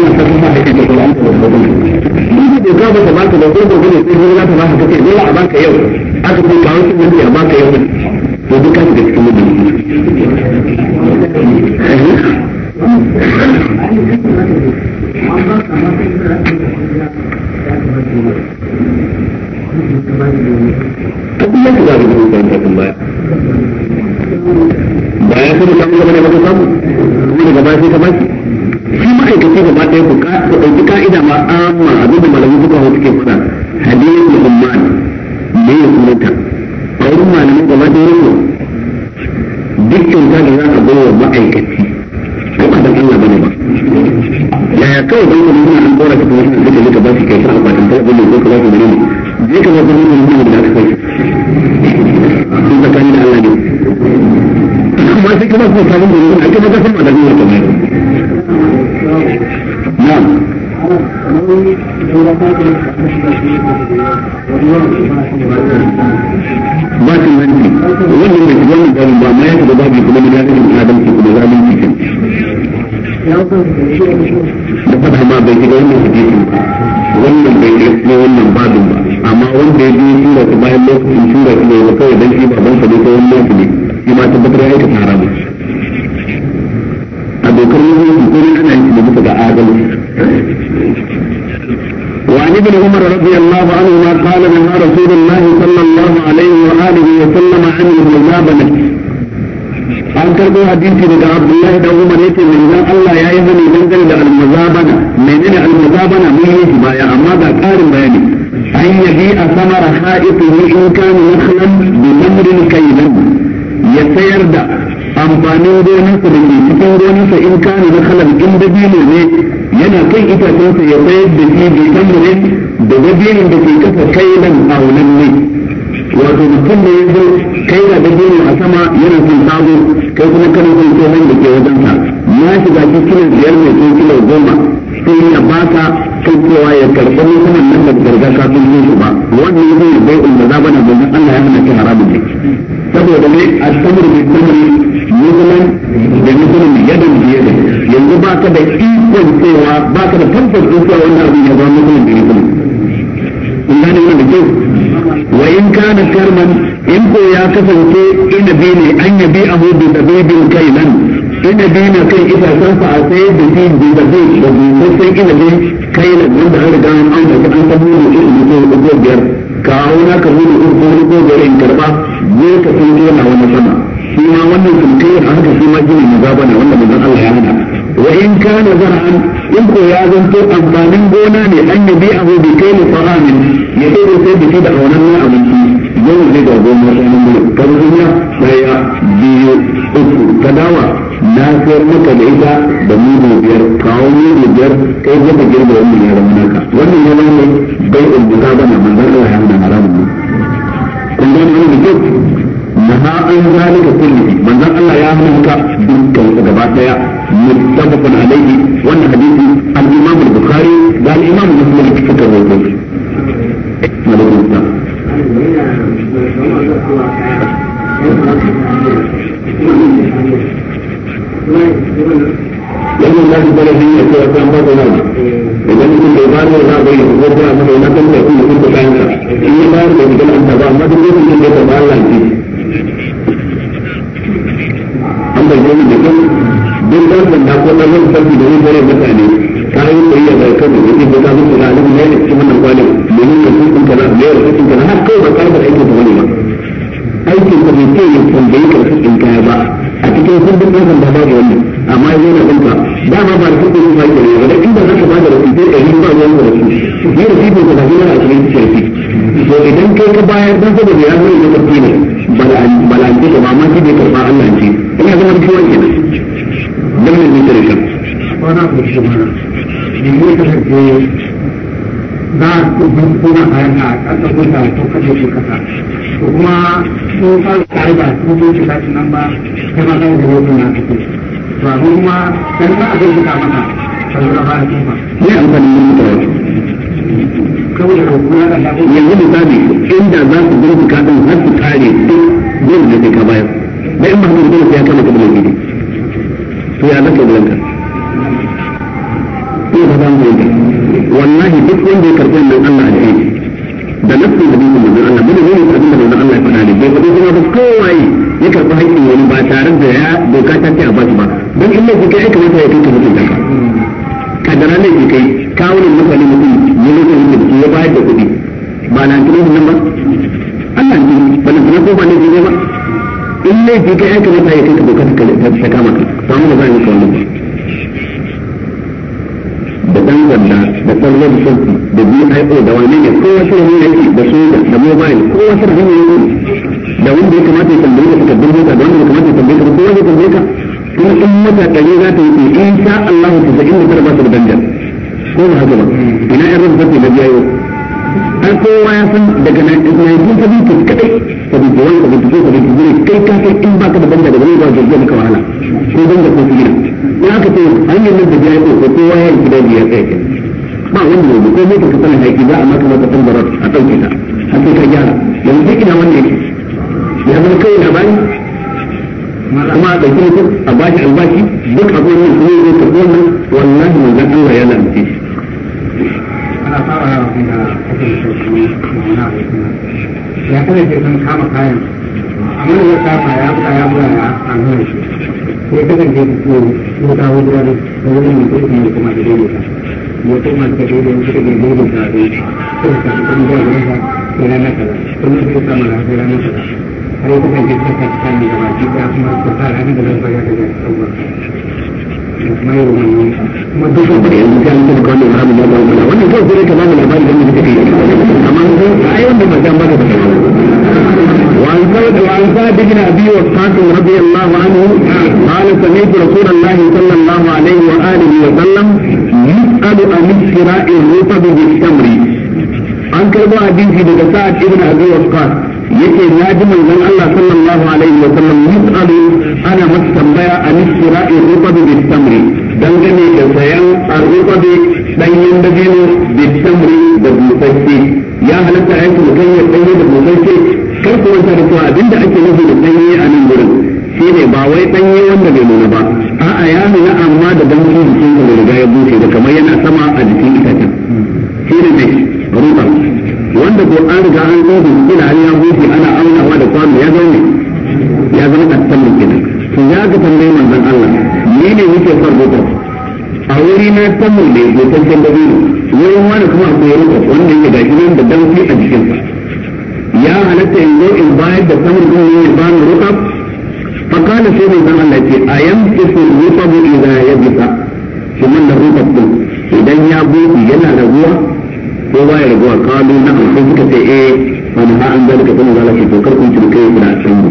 wannan ta kuma da kake kuma an ta da ni da ka ba ta baka da ko sai ne za ta ka kace dole a baka yau aka ce kawo shi ne a baka yau to duka da cikin mutum kila ne kai na wanda da an an da an tabu da irin da ko biyar ka auna ka mu ko ko biyar in karba ne ka san ko na wannan sama shi ma wannan sun kai a haka shi ma gina mazaba ne wanda manzon Allah ya hana wa in kana zar'an in ko ya zanto amfanin gona ne an yabi abu bi kai ne fa'amin ya dole sai biki da aunan nan abinci yau zai ga goma sai mun karunya daya biyu uku dawa. na sayar maka da ita da mudu biyar kawo mudu biyar kai zaka girma wannan ya zama naka wannan ya zama bai ulbuka ba na manzan Allah ya na ramu ne kun gani ne na ha an zalika kullihi manzan Allah ya hana ka dukkan su gaba daya muttafaqun alaihi wannan hadisi al-Imam al-Bukhari da al-Imam Muslim suka rawaito Thank you. wannan na shi bala biyu da cewa ba ko nan idan mutum bai bayar da bai yi ko kuma mai na kan da kuma kuma kayan ka in ya bayar da gidan an ba amma duk lokacin da ya Allah ne an bai yi da kan duk da ko nan da bare mutane kan da da alim ne ne cikin wannan kwalin domin ya ne ya kuka kana har ba ka da aikin da wani ba aikin da ya kaya ba sai sun bin ɗaukar da babu wani amma ya yana ɗauka dama ba da kuɗi ne ba ke ne inda za ka ba da rubutu da yin ba wani da su ne da fifin ka tafi a cikin shirki to idan kai ka bayar don saboda ya zai zama ne balance ka ba ma shi bai karɓa Allah ce ina zama da kiwon kenan don ne zai shirka. Wani abu da shi mana, ne ne ka shafi za a kuma kayan a ƙasa kusa ko kashe kasa kuma ko fara tare ba ko ko shi kashi nan ba kai ma zai gaba wannan naka ke to amma kuma kai ma abin da ka maka ba ne amfani da yanzu misali inda za su bincika din har su kare duk yin da ka bayar da in ba mu dole ya kama ka bilan gidi to ya zaka bilan ka ko ba za mu yi wallahi duk wanda ya karɓi nan Allah da nafsin da manzon Allah ba da abin da manzon Allah ya faɗa ne bai faɗi kuma ba kowaye ya karɓi haƙƙin wani ba tare da ya doka ta ce a ba su ba don in laifi kai kamata ya kai ka da ka kadara laifi kai kawunan mutane mutum ya zo da mutum ya bayar da kuɗi ba na tunan nan ba Allah ne ba na tunan ko ba ne ba in laifi kai kamata ya kai doka ta kama ka ba da za a yi ba da ɗan wanda da ɗan wani shirki da bio oh, da wani ne kowa da ne yake da soja da mobile da yake da wanda ya kamata ya tambaye ka takardun mota da wanda ya kamata ya tambaye ka wanda ya tambaye ka kuma in mata ɗari za ta yi in sha Allah ta sa'in da tara ba su da danjar ko ba haka ba ina yan rubutu da biyayo amma kowa ya san daga 1970 kadai 71 72 73 kai ka kai in ba ka da banda daga zuwa jirgin maka wahala ko banda ko gida in aka ce hanyar nan da ya yi ko kowa ya yi daji ya tsaye ba wanda ne ko mai ka san haiki za a maka maka san barar a ɗauke ta har sai ka gyara yanzu sai ina wanda yake ya zama kai na bani kuma a ɗauki mutum a bashi albashi duk abin yin kuma zai tafi wannan wallahi manzan Allah ya lalace ya kuma ce sun kama kayan amma ya kama ya buka ya buka ya an hana shi sai kasance ko wuta wajen da wani kuma ne kuma da daidaita ya koma da daidaita ya suka daidaita da daidaita suka kasu kuma da wani sa sai na nasa kuma sai sama da sai na nasa har yi kasance ta kasance da baki ta kuma ta ranar da zai bayar da zai kuma duk sun kuɗi yanzu ta yanzu daga wannan ramin وقاص yake na ji manzon Allah sallallahu alaihi wa sallam mus'alu ana masa tambaya an shira'i rubabi bit tamri dangane da sayan rubabi danyen da bit tamri da busasshe ya halatta ku kai ya danye da busasshe kar ku ta da abinda ake nufi da danye a nan gurin ne ba wai danye wanda bai nuna ba a'a ya nuna amma da danyen jikin da riga ya bushe da kamar yana sama a jikin itacen shi ne riba wanda ko an riga an zo da kila har ya huce ana aunawa da kwano ya zo ne ya zama kasan kenan to ya ga tambayi manzon Allah Mene ne yake son riba a wuri na tamu ne ko tantan dabino wurin wani kuma akwai riba wanda yake gashi nan da danki a jikinsa ya halatta in zo in bayar da samun din ne ya bani riba فقال سيدنا صلى الله عليه وسلم أيمكث الرطب إذا ya shi Kuma da rufar din idan ya buɗe yana da ruwa? ko ba ya raguwa kalu na sai suka ce eh wani ha an zalika kuma zalika to kar kun ci kuna cin mu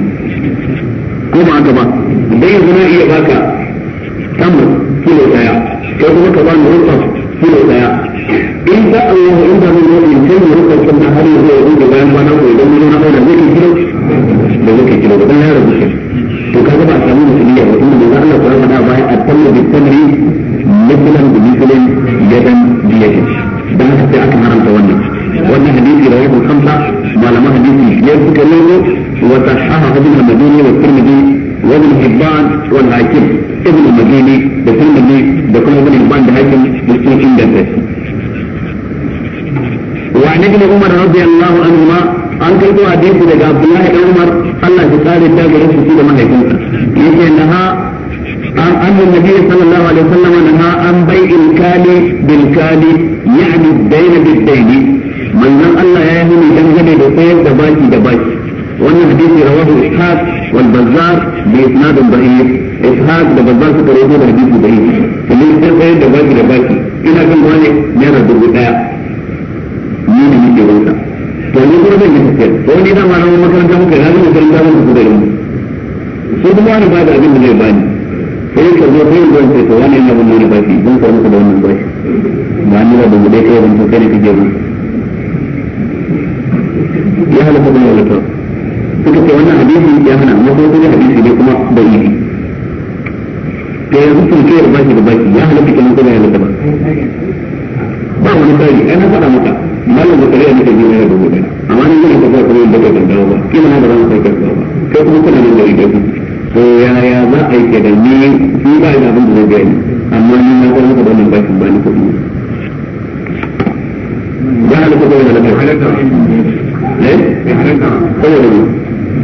ko ba haka ba dai yanzu na iya baka tamar kilo daya ko kuma ka bani rufa kilo daya in za a yi in da mun yi in sai rufa kan na har yanzu ya yi bayan kwana ko idan mun na fara zai kilo da zai kilo da ya rabu to kaga ba a samu musulmiya ba inda da Allah ya faɗa bayan at-tamru bit-tamri mithlan bi mithlan yadan وصححه ابن المديني والترمذي وابن حبان والحاكم ابن المديني والترمذي وكما ابن حبان والحاكم مسلم عند وعن ابن عمر رضي الله عنهما an karbo hadisi daga Abdullahi dan Umar Allah ya kare ta gare shi da mahaifinsa yake ha an annu nabi sallallahu alaihi wasallam ha an bai'il kali bil kali yani dayn bil dayn manzon Allah ya yi dangane da sayar da baki da baki wannan hadisi rawahu ishaq wal bazzar bi isnad da'if ishaq da bazzar suka da hadisi da'if kuma sai sai da baki da baki ina kan wani naira dubu daya ni ne nake to ni kuma zan yi to ni da malamin makaranta muka na zama makaranta muka kuka yi sai kuma wani ba da abin da zai bani sai ka zo sai zan ce to wani ina bin wani baki zan sa muku da wannan ba ni da dubu daya kai ban to kai ne kake ya halaka da wani suka ce wannan hadisi ya hana amma kuma kuma hadisi ne kuma da ibi yanzu sun ce ba shi da baki ya hana kenan ko ba ya halatta ba ba wani tsari ai na faɗa maka malam da kare ne da biyu ne da gobe amma ni zan tafi kuma da kai da ba kina na da ran sai ka ba kai kuma kana da gari da ku to ya za a yi ke da ni shi ba ina abin da zai gani amma ni na ga maka wannan bakin ba ni kuɗi ya halatta ko ya eh? halatta eh saboda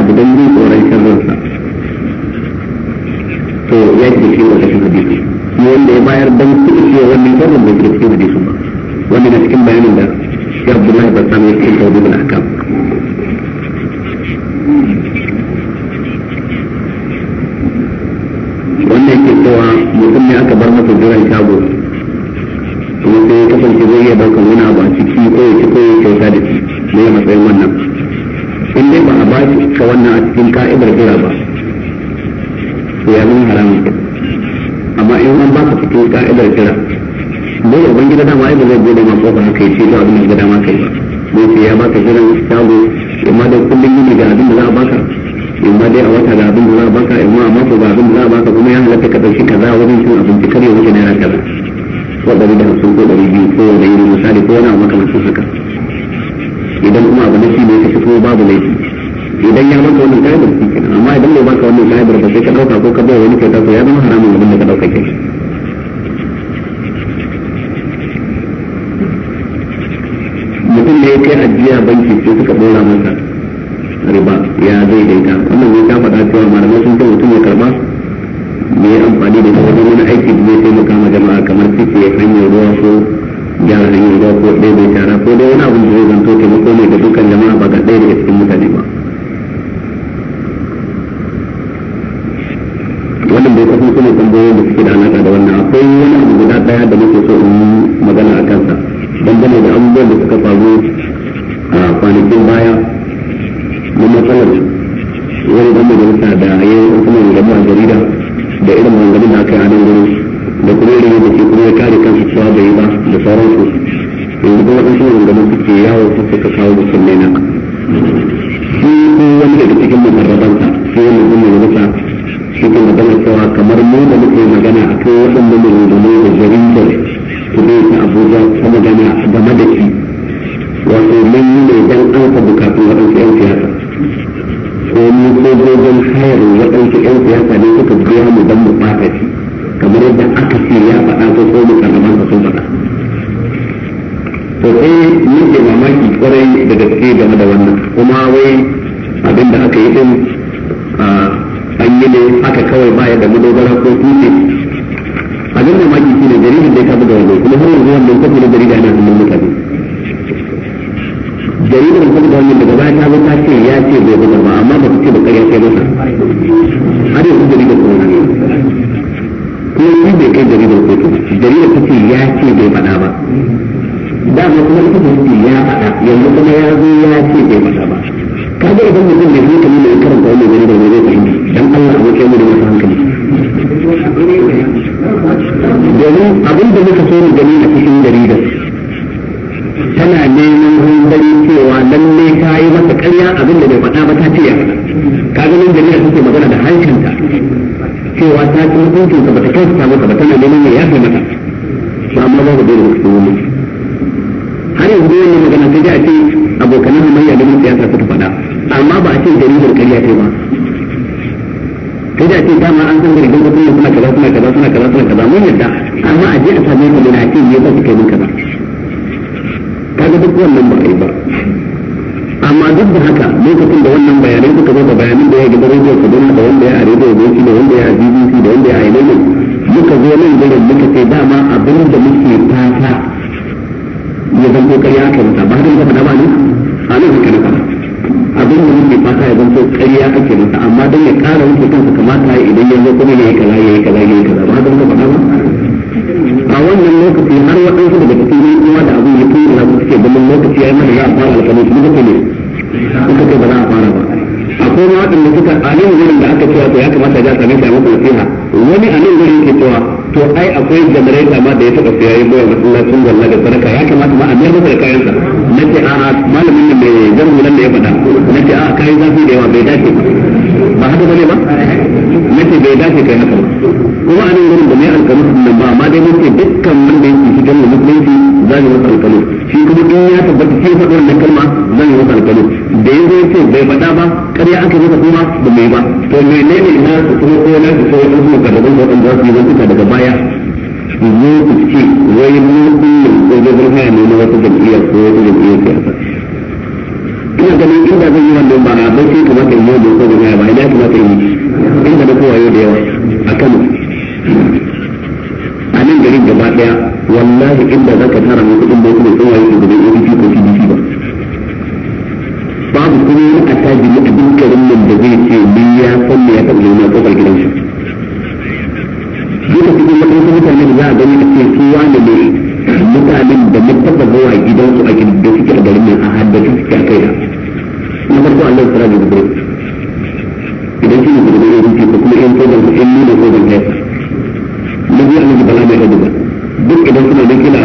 abu don jin tsoron sharrinsa to ya ke shi wata shi hadisi shi wanda ya bayar don kuɗi shi wannan sharrin bai ke cikin hadisin ba wanda da cikin bayanin da shi abdullahi ba samu cikin tawbi bin akam wannan yake cewa mutum ne aka bar masa jiran shago kuma sai ya kasance zai iya daukar wani abu a ciki ko ya ci ko ya kyauta da shi ne matsayin wannan in dai ba a ba shi ka wannan a cikin ka'idar jira ba to ya zama haramun amma in an ba ka cikin ka'idar jira dole ubangida dama ai ba zai gode ma kofar haka ya ce ba abin da dama kai ba ko sai ya baka jiran shago imma dai kullum yini ga abin da za a baka imma dai a wata ga abin da za a baka imma a mako ga abin da za a baka kuma ya halatta ka ɗauki kaza wajen cin abinci kar ya wuce naira kaza ko ɗari da hamsin ko ɗari biyu ko da yiri misali ko wani abu makamancin haka idan kuma abu na shi ne ka fito babu laifi idan ya maka wannan kayan barci kenan amma idan bai baka wannan kayan da sai ka dauka ko ka bai wani kyauta ko ya zama haramun abin da ka dauka kenan mutum da ya kai ajiya banki sai suka dora masa riba ya zai daita wannan zai ta faɗa cewa malamai sun ce mutum ya karba mai amfani da shi wajen wani aiki da zai taimaka ma jama'a kamar cike hanyar ruwa ko gyara hanyar ruwa ko ɗaya bai shara ko dai wani abin da zai zanto taimako ne ga dukkan jama'a ba ga ɗaya daga cikin mutane ba wannan bai kasan su ne tambayoyin da suke da alaƙa da wannan akwai wani abu guda ɗaya da muke so in yi magana a kansa dangane da abubuwan da suka faru a kwanakin baya na matsalar Porque eu falo ko shi bai kai jaridar kotu jaridar ta ce ya ce bai faɗa ba dama kuma ita ta ce ya faɗa yanzu kuma ya zo ya ce bai faɗa ba kaga idan mutum bai zai kamar mai karanta wannan jaridar ne zai fahimci dan Allah a kai mu da wasu hankali domin abin da muka so mu gani a cikin jaridar tana neman hankali cewa lalle ta yi masa karya abin da bai faɗa ba ta ce ya faɗa kaga nan jaridar take magana da hankalinta cewa ta ci hukuncin ka bata kyautata maka ba tana neman ya yafe mata to amma babu dole ku su wani har yanzu dole ne magana ta ji a ce abokanin hamayya da mun siyasa suka faɗa amma ba a ce jaridar ƙarya ce ba sai dai a ce dama an san jaridar ko kuma suna kaza suna kaza suna kaza suna kaza mun yadda amma a je a same ka da na ce ba su kai mun kaza kaga duk wannan ba a yi ba amma duk da haka lokacin da wannan bayanai suka zo da bayanin da ya gaba rediyo kaduna da wanda ya a rediyo bauchi da wanda ya a bbc da wanda ya a ilimi muka zo nan gurin muka ce dama abin da muke fata ya zanto ƙarya aka yi ba haka muka ba ne a nan haka na fara abin da muke fata ya zanto ƙarya ake masa amma don ya ƙara wuce kansa kamata ya idan ya zo kuma ya yi kaza ya yi kaza ya yi kaza ba don muka faɗa ba a wannan lokaci har waɗansu daga cikin yan uwa da abin ya tura su suke domin lokaci ya yi mana za a fara alƙalin su duka ne suka ce ba za a fara ba akwai ma waɗanda suka a gurin da aka cewa to ya kamata ya same shi a masa nasiha wani a gurin ke cewa to ai akwai jamarai ma da ya taɓa siya ya yi bayan masallacin gwalla da sadaka ya kamata ma a biyar masa da kayansa nake a malamin da mai jamu nan da ya faɗa nake a kai zafi da yawa bai dace ba ba haka bane ba nake bai dace kai haka ba kuma a nan gurin da mai alƙalu nan ba amma dai nake dukkan wanda yake shi jamu musulunci za yi masa alƙalu shi kuma in ya tabbata shi faɗa wannan kalma za yi masa alƙalu da ya zo ce bai faɗa ba ƙarya aka masa kuma ba mai ba to ne na su kuma ko na su ko wasu makarantun waɗanda za su yi zantuka daga baya mu zo ku ce wai mu kullum sojojin haya ne na wata iya ko wata jam'iyyar siyasa ina ganin in ba zan yi wannan ba a bai sai kamata yi wannan sojojin ba ina kamata yi inda ko kowaye da yawa a kano a nan garin gaba daya wallahi inda za tara mai kudin bai kuma tsawaye da gaban yi ko cdc ba babu kuma wani attajiri a dukkanin nan da zai ce ni ya san me ya taɓa ko a duka cikin waɗansu mutane da za a gani a ce su ne mutanen da na taɓa zuwa gidansu a gidan suke a garin nan a haddace suke a kai na farko Allah ya da idan shi ne ko kuma yan ko yan nuna na biyu bala mai da duka duk idan suna da kila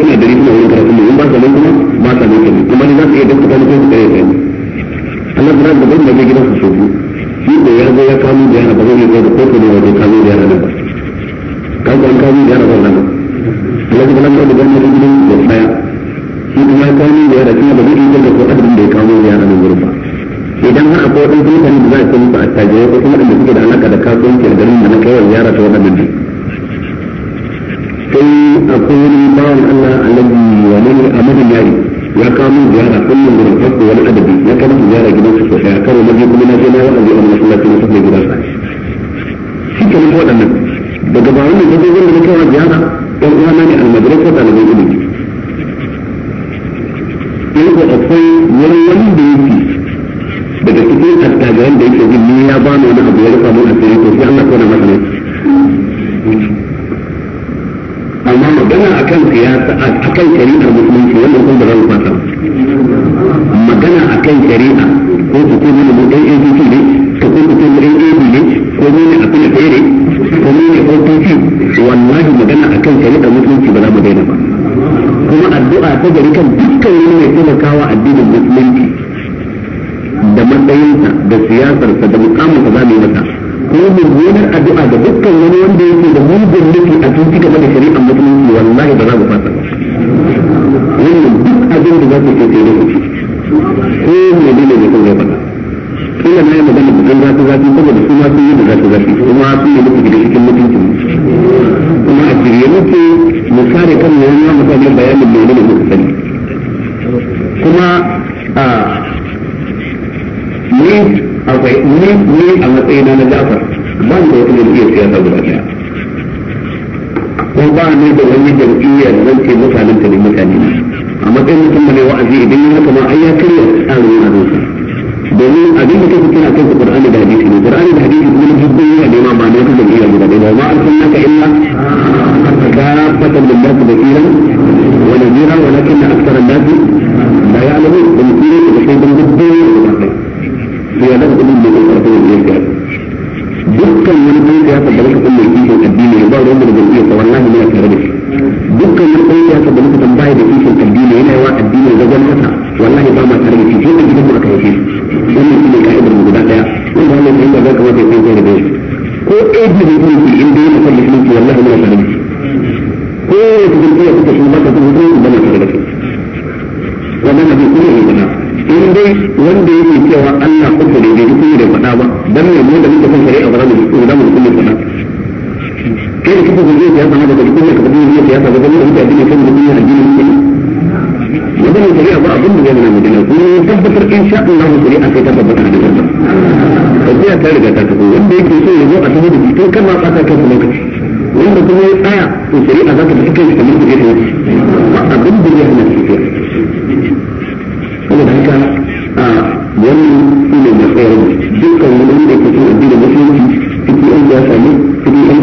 suna da wani karatu ne an kuka da bai kuka da faɗa ba dan ne mu da muke son shari'a ba za mu kuka da mu kuka faɗa kai da kuka zai ya sama daga kuka ka fadi ne ya sama daga addini kan mutum ya addini ne magana shari'a ba abin da zai mana mutuna ko tabbatar insha Allah shari'a sai ta tabbatar da wannan tafiya ta riga ta tafi wanda yake so ya zo a tafi da shi to kan ma fata kan lokaci wanda kuma ya tsaya to shari'a za ta tafi kan shi kamar da yake abin da zai hana shi saboda haka dukkan wani da ke cikin addinin musulunci cikin yan ya ne cikin yan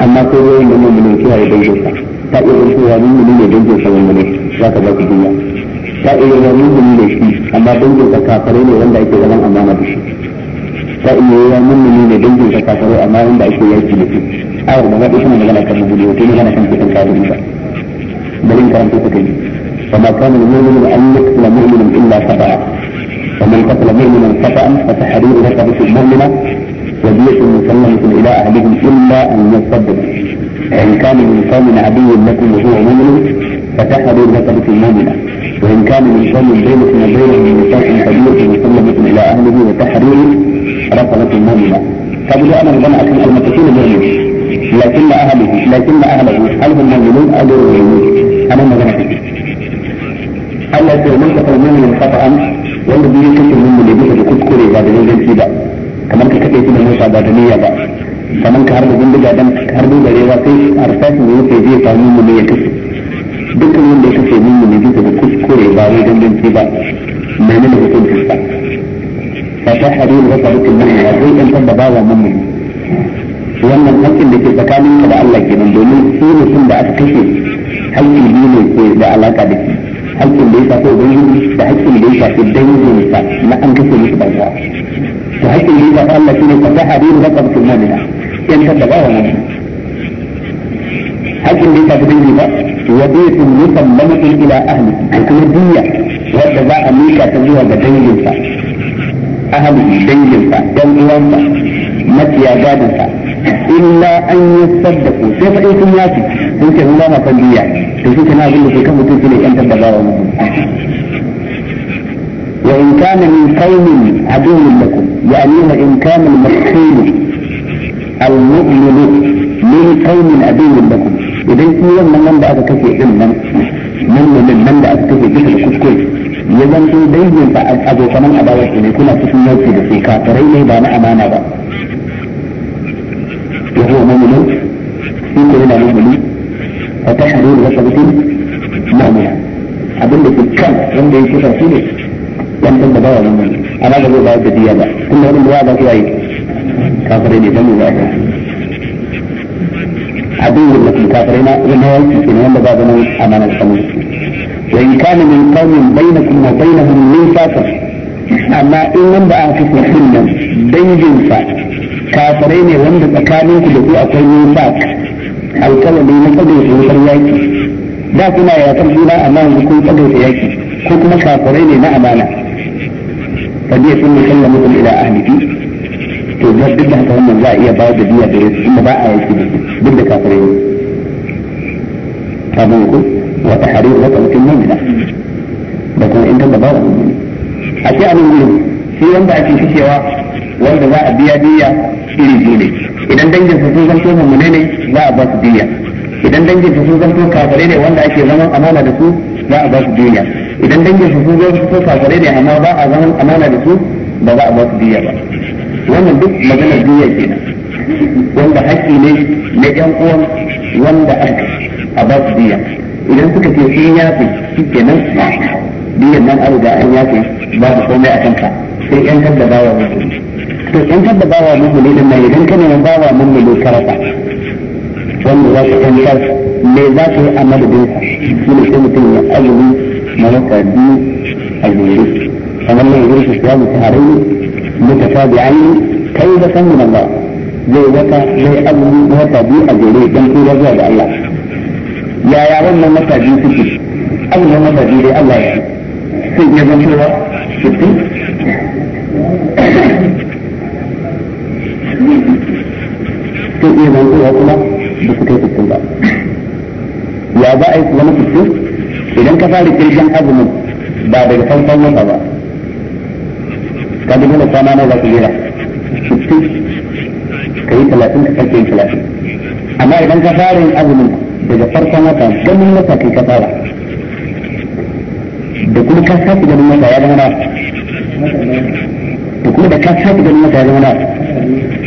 amma ko yau mun mun ne kiyaye dangin sa ta iya zuwa mun mun ne dangin sa mun ne za ka ba ku duniya sa'ili na mummuni ne shi amma dangin ka kafare ne wanda ake zaman amana da shi sa'ili ya mummuni ne dangin ka kafare amma wanda ake yaki da shi ayar da zaɓi suna magana kan mummuni wata magana kan kusan kafiri ba bari karanta ta kai فما كان المؤمن أن يقتل مؤمنا إلا خطأ ومن قتل مؤمنا خطأ فتحرير رقبة مؤمنة ودية مسلمة إلى أهلهم إلا أن يصدق وإن كان من قوم عدو لكم وهو مؤمن فتحرير رقبة مؤمنة وإن كان للشام الشيء في بينه من نفاق كبير مسلمة إلى أهله وتحرير رقبة مؤمنة فبدا أن الجمع في المتقين بالمؤمن لكن أهله لكن أهله هل هم مؤمنون أو غير مؤمنون أنا ما جمعت ألا تغمشك المؤمن خطأ wanda biyu kake mun mu bisa da kuskure ba da zanganci ba kamar ka kake da musa ba da بندجا دم kamar ka har da bindiga dan har dukkan wanda ya kashe mun ne bisa da kuskure ba wai danganci ba na nuna hukuncin sa fa ta hadin wa sabukin nan ya zai dan tanda ba wa mun wannan hakkin da ke tsakanin ka da Allah kenan domin shi mutum da aka kashe hakkin biyu ne ke da alaka da shi hakkin da ya shafi ubangiji da hakkin da ya shafi danginsa na an kashe musu banza to hakkin da ya shafi Allah shine fa ta hadin wa sabukin nan ya yan tanda ba wa mun هل في ذلك وبيت ملك الملك الى اهله ان تكون الدنيا وتضع ملكا تزوى بدينها اهله بدينها جنوانها متيا جادها الا ان يصدقوا كيف ان يكون ياتي قلت ما تنبيا تزيد انا اقول لك وان كان من قوم عدو لكم لانه يعني ان كان المقتول المؤمن من قوم عدو لكم idan shi wannan nan da aka kashe din nan nan ne nan nan da aka kashe duka da kuskure ya zanto dangin ba abokanan adawa ne kuna cikin yauki da sai kafirai ne ba na amana ba ya zo mamuni shi ko yana mamuni a ta hadu da wata mutum mamuna abinda ke kan wanda ya kusa shi ne wannan da bawa mamuni ana da zai bayar da diya ba kuma wani ba za ku yi kafirai ne ba mu ba عدو للكافرين إن هو في نوم بعضهم أمانة الأمور وإن كان من قوم بينكم وبينهم من فاتر أما إن لم بأعفق لحنا دين كافرين لم تتكامل كدقوا أقوم من فاتر alkala bai na kwado su wutar yaki da kuma ya tar juna amma yanzu kun kwado su yaki ko kuma kafirai ne na amana ka biya sun musamman mutum ila ahliki to zai duk da haka wannan za a iya bayar da biya da su inda ba a yaki da duk da kafirai ne ta boko wa ta hari wa mutum ne da da kuma inda da ba a a ce abin gudu sai wanda ake kashewa wanda za a biya biya iri biyu ne idan dangin su sun zanto mummune ne za a ba su biya idan dangin su sun zanto kafirai ne wanda ake zaman amana da su za a ba su biya idan dangin su sun zanto kafirai ne amma ba a zaman amana da su ba za a ba su biya ba wannan duk maganar duniya nan, wanda haƙƙi ne na ƴan uwan wanda aka a ba su biya idan suka ce sun yafe shi kenan biyan nan an da an yafe babu komai a kanka sai ƴan haddaba wa mutu to ƴan haddaba wa mutu ne din nan idan kana yan bawa mun ne karata, wanda za ka ƴantar me za ka yi a madadin sa shi ne sai mutum ya azumi mawaka biyu a jere kamar ne ya rufe su ya mutu rai متتابعين توبة من ba zai wata zai azumi wata biyu a jere don tura zuwa da Allah yaya wannan wata biyu suke azumin wata biyu dai Allah ya sai iya zan cewa sittin sai iya zan cewa kuma ba su kai sittin ba ya za a yi kuma na idan ka fara kirgin azumin ba daga farkon wata ba قادمين الثمانة إلى كبيرة ستين كريم ثلاثين ثلاثين ثلاثين أما إذا كفار أبو منه إذا فرق ما كان كم من نفاك الكفارة بكل كفات إذا من نفاك هذا هناك بكل كفات إذا من نفاك هذا هناك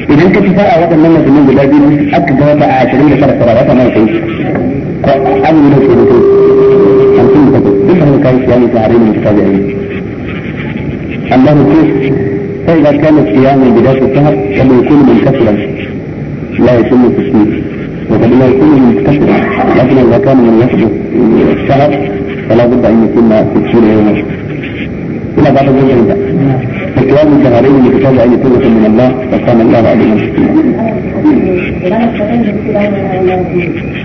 إذا انت كفاء هذا من من بلادين أكبر عشرين لسنة سنة هذا ما يكون أبو منه سيدي أنتم بكل كفات يعني تعريب من كتاب العلم حمام كيف فإذا كان صيام بداية الشهر قد يكون منكسرا لا يتم التسميم لا يكون منكسرا لكن إذا كان من نفس الشهر فلا بد أن يتم تكسيره يوم إلى بعض الجزء فكلام الجهرين بكتاب أي توبة من الله فكان الله عليما حكيما.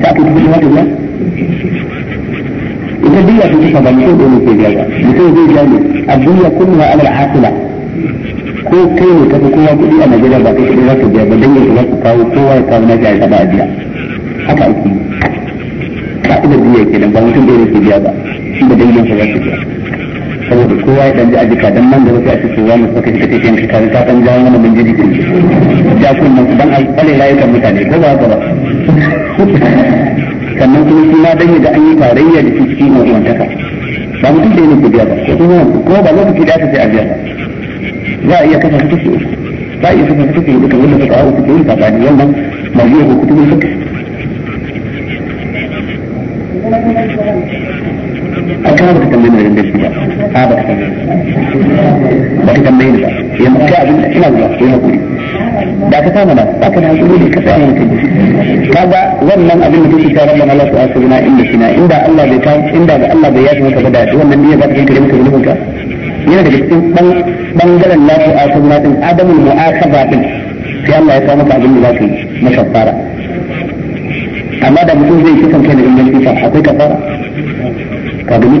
da aka cikin wata biya ita biya ta cika ba mutum ɗaya ke biya ba mutum zai biya ne a biya kullum ala al'asila ko kai ne kafa kowa kuɗi a najeriya ba kai kuɗi za ka biya ba don yanzu za ka kawo kowa ya kawo na biya ya a biya haka ake yi ka'idar biya ke nan ba mutum ɗaya ke biya ba shi da dangin sa za su biya saboda kowa ya danji ajika dan nan da wasu a cikin wani suka shiga cikin kare ta kan jawo mana mun jirgin da kun nan dan alƙalin rayukan mutane ko ba ba sannan kuma shi ma dan da an yi tarayya da cikin mu in taka ba mutum da ne ku ba kuma ba lokaci da ta sai a biya ba za a iya kafa su kashi za a iya kafa su kashi duka wanda suka hawa suke yin sabani wannan mariyar ko kutubun suka a kan ta tambayi mai rinda abada ba ta tambaye ba yanzu kai abin da kina zuwa sai hakuri da ka kama da baka ta hakuri ne ka tsaya hankali kaga wannan abin da kake ta rabban Allah su asirina inda shi na inda Allah bai ka inda da Allah bai yafi maka ba da wannan ne za ta kankare maka zulubin ka yana daga cikin bangaren lafi asirina din adamul mu'akaba din sai Allah ya samu maka abin da za ka yi na kafara amma da mutum zai kisan kai da inganci fa akwai kafara ka gani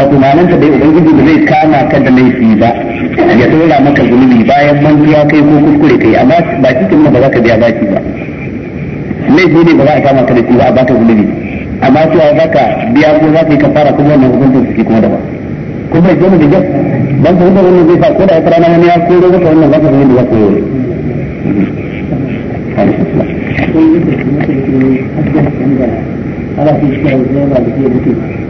wato malam da dai ubangiji ba zai kama ka da laifi ba ya dora maka zunubi bayan mantuwa kai ko kuskure kai amma ba shi kuma ba za ka biya baki ba laifi ne ba za a kama ka da shi ba a baka zunubi amma cewa za ka biya ko za ka yi kafara kuma wannan hukuncin ke kuma daban kuma ya mu da jan ban ko da wannan zai sa ko da ya rana wani ya koro maka wannan za ka fi shi ne ka yi Thank you.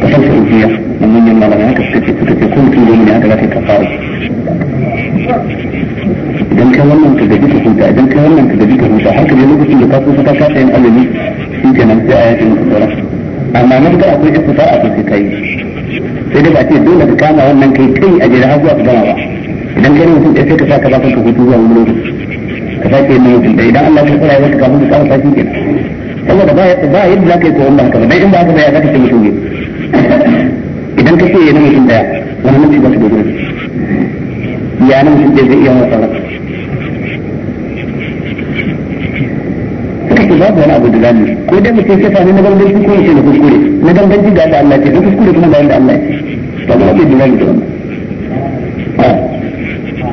kusan su jiya da manyan malamai haka suka ce suka ce ko mutum ne ka wannan ka gaji ka huta idan kai wannan ka gaji ka huta har ka je lokacin da ka kusa ka kasa yin azumi shi kenan sai a yakin tsoron amma na ka akwai istifa a sosai kai sai da ba ce dole ka kama wannan kai kai a jira har zuwa ka gama ba idan kai mutum ɗaya sai ka sa ka ka hutu zuwa wani lokaci ka sake yin lokaci da idan Allah ya tsara ya ka kafin ka kama kenan saboda ba ba yadda zaka yi koyon ba ba in ba haka ba ya zaka ce mutum ne idan ka ce yana mutum daya wani mutum ba su da ya na mutum ɗaya zai iya wasa ba kake babu wani abu da zamu ko dai mutum sai fa ne na gangan ko yace na kuskure na gangan ga Allah ce da kuskure kuma ga Allah ce to ba ke da zamu da wannan Yang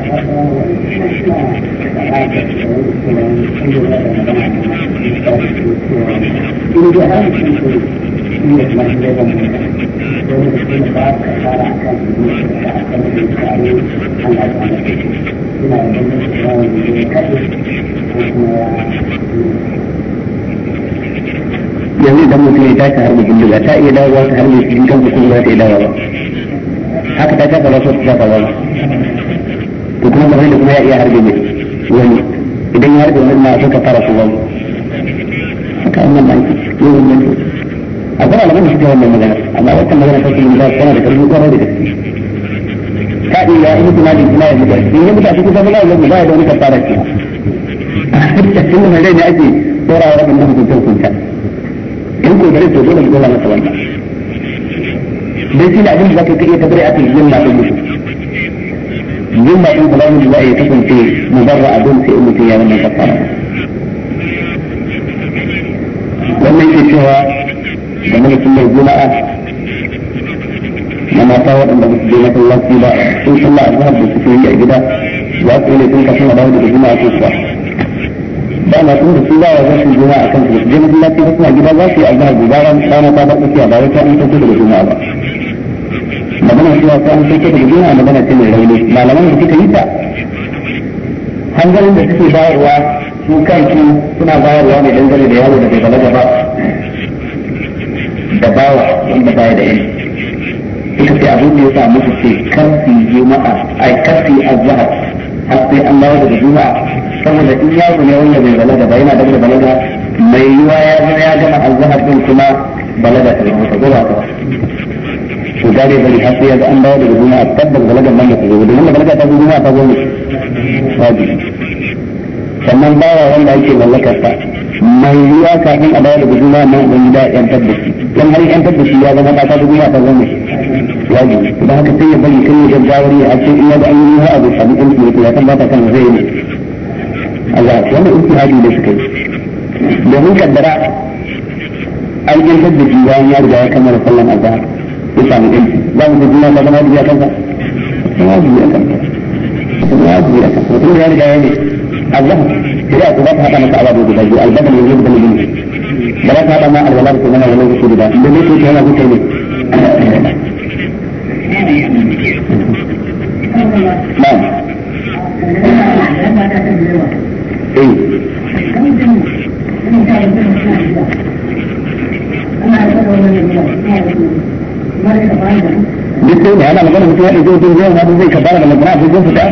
idan mutum ya tashi har mutum da ta iya dawowa ta har mutum kan mutum za ta iya dawowa haka ta kafa to kuma kamar da kuma ya iya harbe mai wani idan ya harbe wani na sai ka fara su wani an wannan ba ne wannan a kuma alamun da suke wannan magana amma wata magana ta cikin da tana da karfi kwarai da gaske ka iya yi kuma da kuma ya mutu in yi mutu a cikin ya mutu ya da wani kafara ce a cikin mai rai ne ake tsora wa rabin mahukunta hukunta in ko gare to dole mu dole masa wannan dan shi ne abin da zaka iya tabbata a cikin yin na mutu yamma in gulamin da za a yi kasance mubarra abin sai mutum ya wannan kafara wannan ke cewa da mana sunan juma'a na mata waɗanda ba su je masallaci ba sun sallah azhar da suke yi a gida za su sun kafin a dawo daga juma'a ko kuwa su ba su juma'a kan su suna gida za su yi azhar gobara rana ta ba tsakiya ba wata an tafi daga juma'a ba magana shi ya an shi ke da juna magana ce mai rauni malaman da suka yi ta hanzarin da suke bayarwa su kanki suna bayarwa mai dangane da yawo da bai balaga ba da bawa wanda baya da yin ita ce abin da ya sa musu ce karfi juma'a ai karfi azhar har sai an bayar daga juma'a saboda in yawo ne wanda bai balaga ba yana da balaga mai yiwa ya zama ya gama azhar din kuma balaga ta zama ta gaba to da dai bari har sai an dawo da gona a tabbata balaga nan ya zo domin balaga ta zo gona ta zo ne wajibi sannan baya wanda ake mallakar ta mai yiwa kafin a dawo da guduma nan ban da yan shi dan har yan shi ya zama ta ta guduma ta zo ne wajibi da haka sai ya bari kan ya gawari a ce in da an yi a ha abu sabu in ne ya kan ba ta kan zai ne Allah wannan ijtihadi da suka yi domin kaddara an yi tabbaci bayan ya riga ya kammala sallan azhar ya samu ilmi za mu kuma ba zama biya kanka wajibi a kanka wajibi a kanka mutum ya riga ya ne Allah ya ku ba ta hada maka ababu guda biyu albadal ne yadda ne ba za ta hada ma alwala da kuma wani lokaci guda da ne ko ta yana kuka ne eh duk da yana magana mutum ya ɗauki wajen zai kafara da magana fita da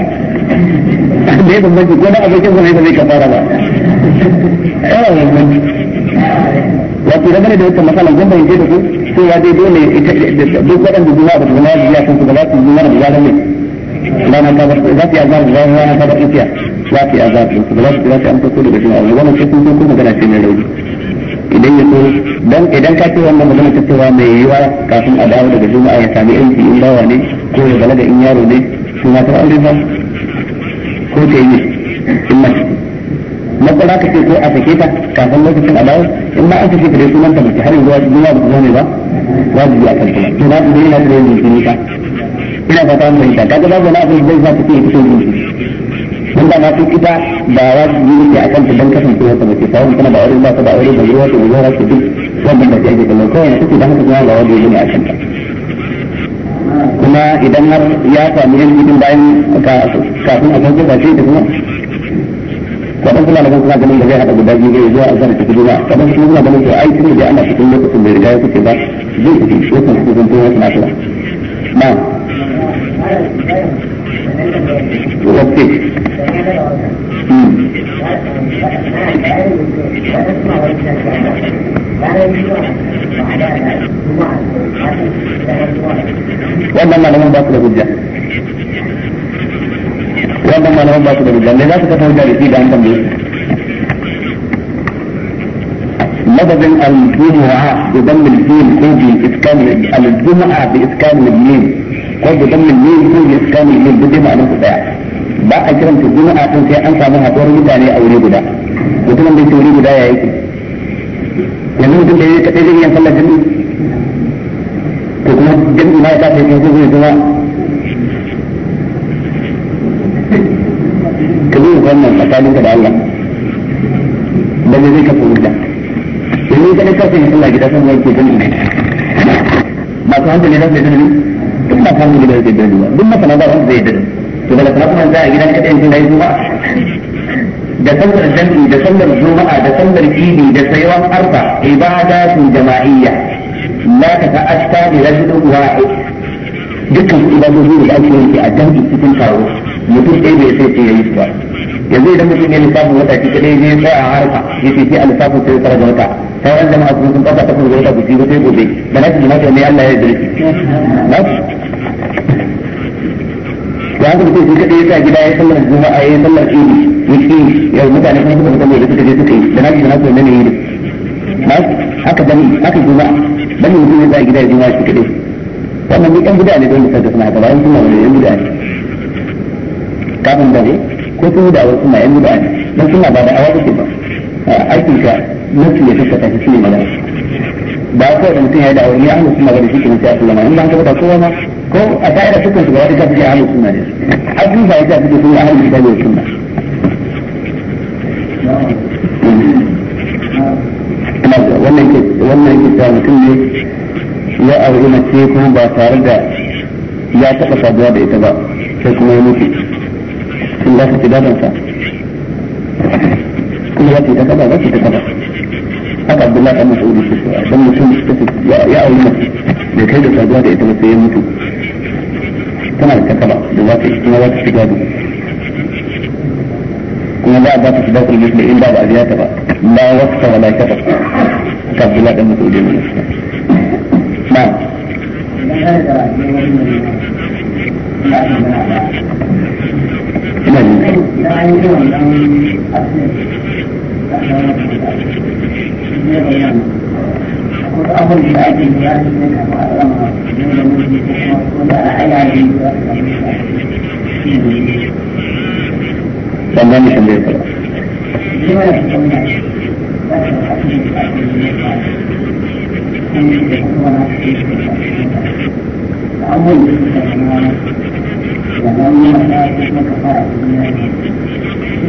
ya bambanci ko zai kafara ba yawa bambanci wato da gane da masala bayyance da sai ya dai dole duk waɗanda da da da ta ba za ta ba za za amfani da a wani sai kun kun magana sai mai rauni idan ya tsoro dan idan ka ce wannan magana ta cewa mai yiwa kafin a dawo daga juma'a ya sami yanci in bawa ne ko ya balaga in yaro ne su ma ta aure ba ko ta yi in mace matsala ka ce ko a sake ta kafin lokacin a dawo in ba an sake ta dai sunanta mace har yanzu juma'a ba ta ne ba wajibi a kanta to na su dai na da yin jinkiri ta ina fata mai fahimta kaga babu na abin da zai sa ta ce ya fito jinkiri dan da matan ita ba wa su yi ne akan ta dan kasance wata mace ta wani da ba ta da aure ba ruwa ta ruwa ta duk wannan da take da kawai da haka kuma ba wani ne ta kuma idan har ya samu yin gudun bayan kafin a kan ce kuma kwaɗan da kan ganin da zai haɗa guda biyu zuwa a zara cikin kwaɗan kuma ganin ai tun da ana cikin lokacin da riga ya kuce ba zai kuce kuma نعم وقتي wannan ba su da hujja wannan malaman ba su da hujja za su da مدد الفيل وعاء بضم الفيل كوجي اسكان الجمعة باسكان الميم كوجي بضم الميم كوجي اسكان الميم بدي ما نقول ده بقى كلام في الجمعة كان في أنصار من لي مثالي أو ليه بدأ وكل من بيسوي ليه بدأ يعيش يعني مثل ليه كتير يعني كل جمع كل جمع ما يتعرف يعني كل جمع كل جمع ما تعلم كده الله بل ذيك فوق الله domin ganin kafin ya sallah gida sun wanke tun ne ba su hankali za su yi tunani duk ba su hankali za su yi tunani ba duk masana ba wanda zai yi tunani to daga sana kuma za a gidan kaɗai sun yi zuwa da sallar jami'i da sallar juma'a da sallar idi da sayuwan arfa ibadatu jama'iyya la ta ta'ashta bi rajulin wahid dukkan su ibadoji da ake yi a dangi cikin taro mutum ɗaya bai sai ce yayi su ba yanzu idan mutum ya lissafin wata shi kadai ne sai a harfa yake ce sai a lissafin sai fara wata sauran jama'a sun sun kasa ta kuma zai ta gusi ba sai gobe da na cikin masa ne Allah ya dirki ba ya haka mutum sun kaɗai ya gida ya sallar a ya sallar idi ya yau mutane kuma suka mutum da suka je suka yi da na cikin masa ne ne ya na haka bani haka juma'a bani mutum ya sa gida ya juma'a shi kaɗai wannan duk ɗan gida don da sarka suna haka bayan suna wani ɗan gida kafin dare ko sun da wasu ma ɗan gida ne don suna ba da awa ba aikin ka nufi ya tabbata shi ne magana ba ko da mutum ya da wani ya halittu magana shi kuma sai a sallama in ba ka bata kowa ba ko a da'ira su ba wata kafin ne ya ta fito sun ahalin kitabu ya sunna wannan ke wannan ke ta mutum ne ya mace kuma ba tare da ya taɓa saduwa da ita ba sai kuma ya mutu sun su ci kuma ya a ta kaza za ta kaza haka abdullahi dan mas'udi ke cewa dan mutum ya auri mace bai kai da saduwa da ita ba ya mutu tana da takaba da za ta kuma za ta ci gado kuma ba a ba ta shiga kulmi da in babu aziyata ba la wasta wala shafa haka abdullahi dan mas'udi ne na'am ina ne أقول لأبي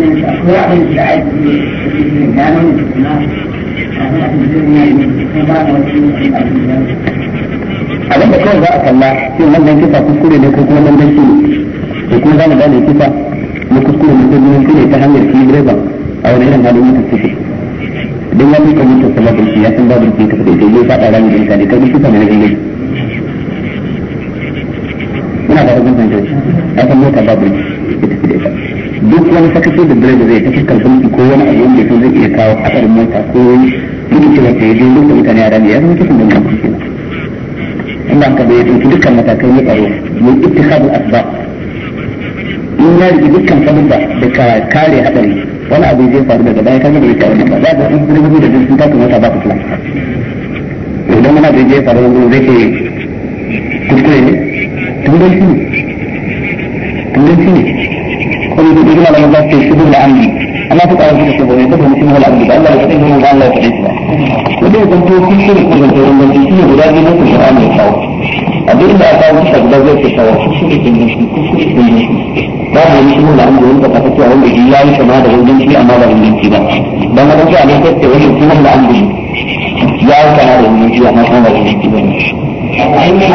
مش أخويا أبن في العيب في الجامعة da kawai za a kalla shin wannan kisa kuskure ne ko kuma danganci ne da kuma za mu gane kisa na kuskure ne shi ne ta hanyar shi direba a wani irin halin mutum suke don ya duka mutum sama da shi ya san babu shi ka fadai ya faɗa rami da ne kai kisa ne na gani muna da rubutun da shi a kan mota babu shi ka fadai duk wani sakashe da da zai ta fuskar sulki ko wani abu da so zai iya kawo haɗarin mota ko wani yin cewa ta yi jirgin da mutane a rami ya zama tafin da mutane mutum ke inda ka bai ɗauki dukkan matakai na tsaro mai ittihabul asbab in ya rike dukkan sabubba da ka kare haɗari wani abu zai faru daga baya kan yi da ya kawo ba za ka in direbobi da jirgin sun taka mota ba ku tuna idan muna da ya faru zai ke kuskure ne tun ne tun shi ne kun yi duk malamin da ke shigar da amini amma su kawo shi da shigar da kuma shigar da amini ba Allah ya shigar da shigar da Allah ya shigar da shigar da shigar da shigar da shigar da shigar da shigar da shigar da shigar da shigar da shigar da da shigar da shigar da shigar da shigar da shigar da shigar da shigar da shigar da shigar da shigar da da shigar da shigar da shigar da shigar da da shigar da shigar da shigar da shigar da shigar da shigar da shigar da shigar da shigar da shigar da shigar da shigar da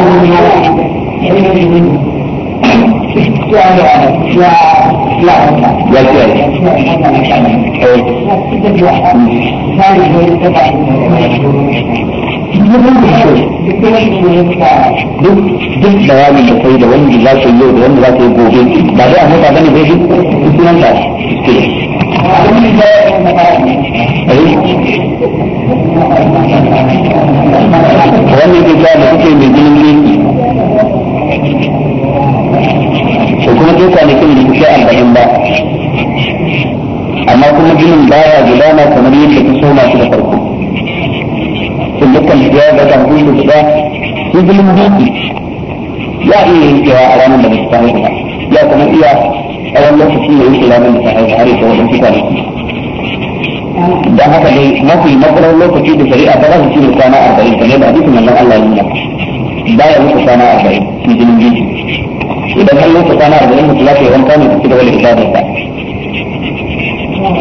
shigar da shigar da shigar duk bayanin da kai da wanda za su yau da wanda za su yi gobe ba zai amurka ba ne gobe sunan ta ke wannan ke da kuke mai jinin to kuma dai kwanakin da kusa arba'in ba amma kuma ginin baya gudana kamar yadda ka soma shi da farko sun dukkan shiga ga ta hukunci guda hijimin duki ya iya yankewa a ranar da ba su ta haihu ya kuma iya a wani lokaci ya yanke ranar da ta haihu har yake wajen kwanaki da haka dai mafi mafarar lokaci da shari'a ta rahu shi ne kwana arba'in kamar da hadisin manzon Allah ya nuna baya wuce kwana arba'in shi jinin jiki idan har wuce kwana arba'in mutum za ka wanka ne ta cigaba da ibadar ta. Har yanzu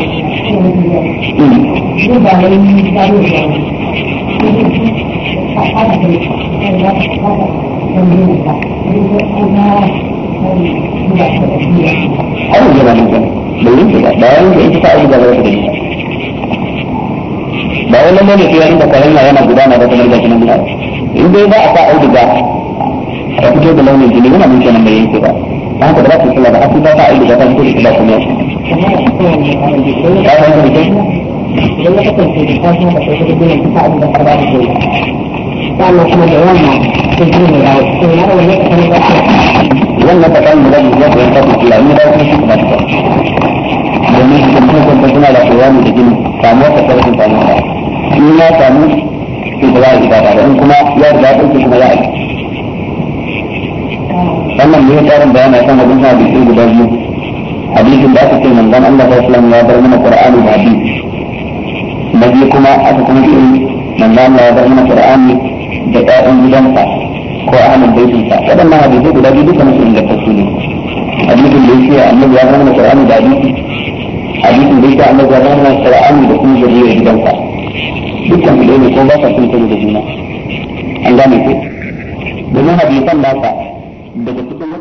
ba ne ba, bai yi ba, bayan da ita ta abubuwa da wata da ita. ba wai lalle ne sai inda kwarella yana gudana da kamar gashi nan gudana in dai ba a sa auduga a fito da launin jini yana mun kenan bai yanke ba an ka da ta sallah da asu ba ta auduga ta fito da kuma ya ya da wannan ne tsarin bayan akan abin sa da ke guda biyu hadisin da aka ce manzon Allah sallallahu alaihi wasallam ya bar mana Qur'ani da hadisi na biyu kuma aka kuma ce manzo Allah ya bar mana Qur'ani da ɗayan gidansa ko ahlul baitinsa waɗannan hadisai guda biyu duka musu ingantacce ne hadisin da yake annabi ya bar mana da hadisi hadisin da yake annabi ya bar mana Qur'ani da kuma zuriyar gidansa dukkan su ne ko ba sa sun kai da juna an gane ku domin hadisan ba sa daga cikin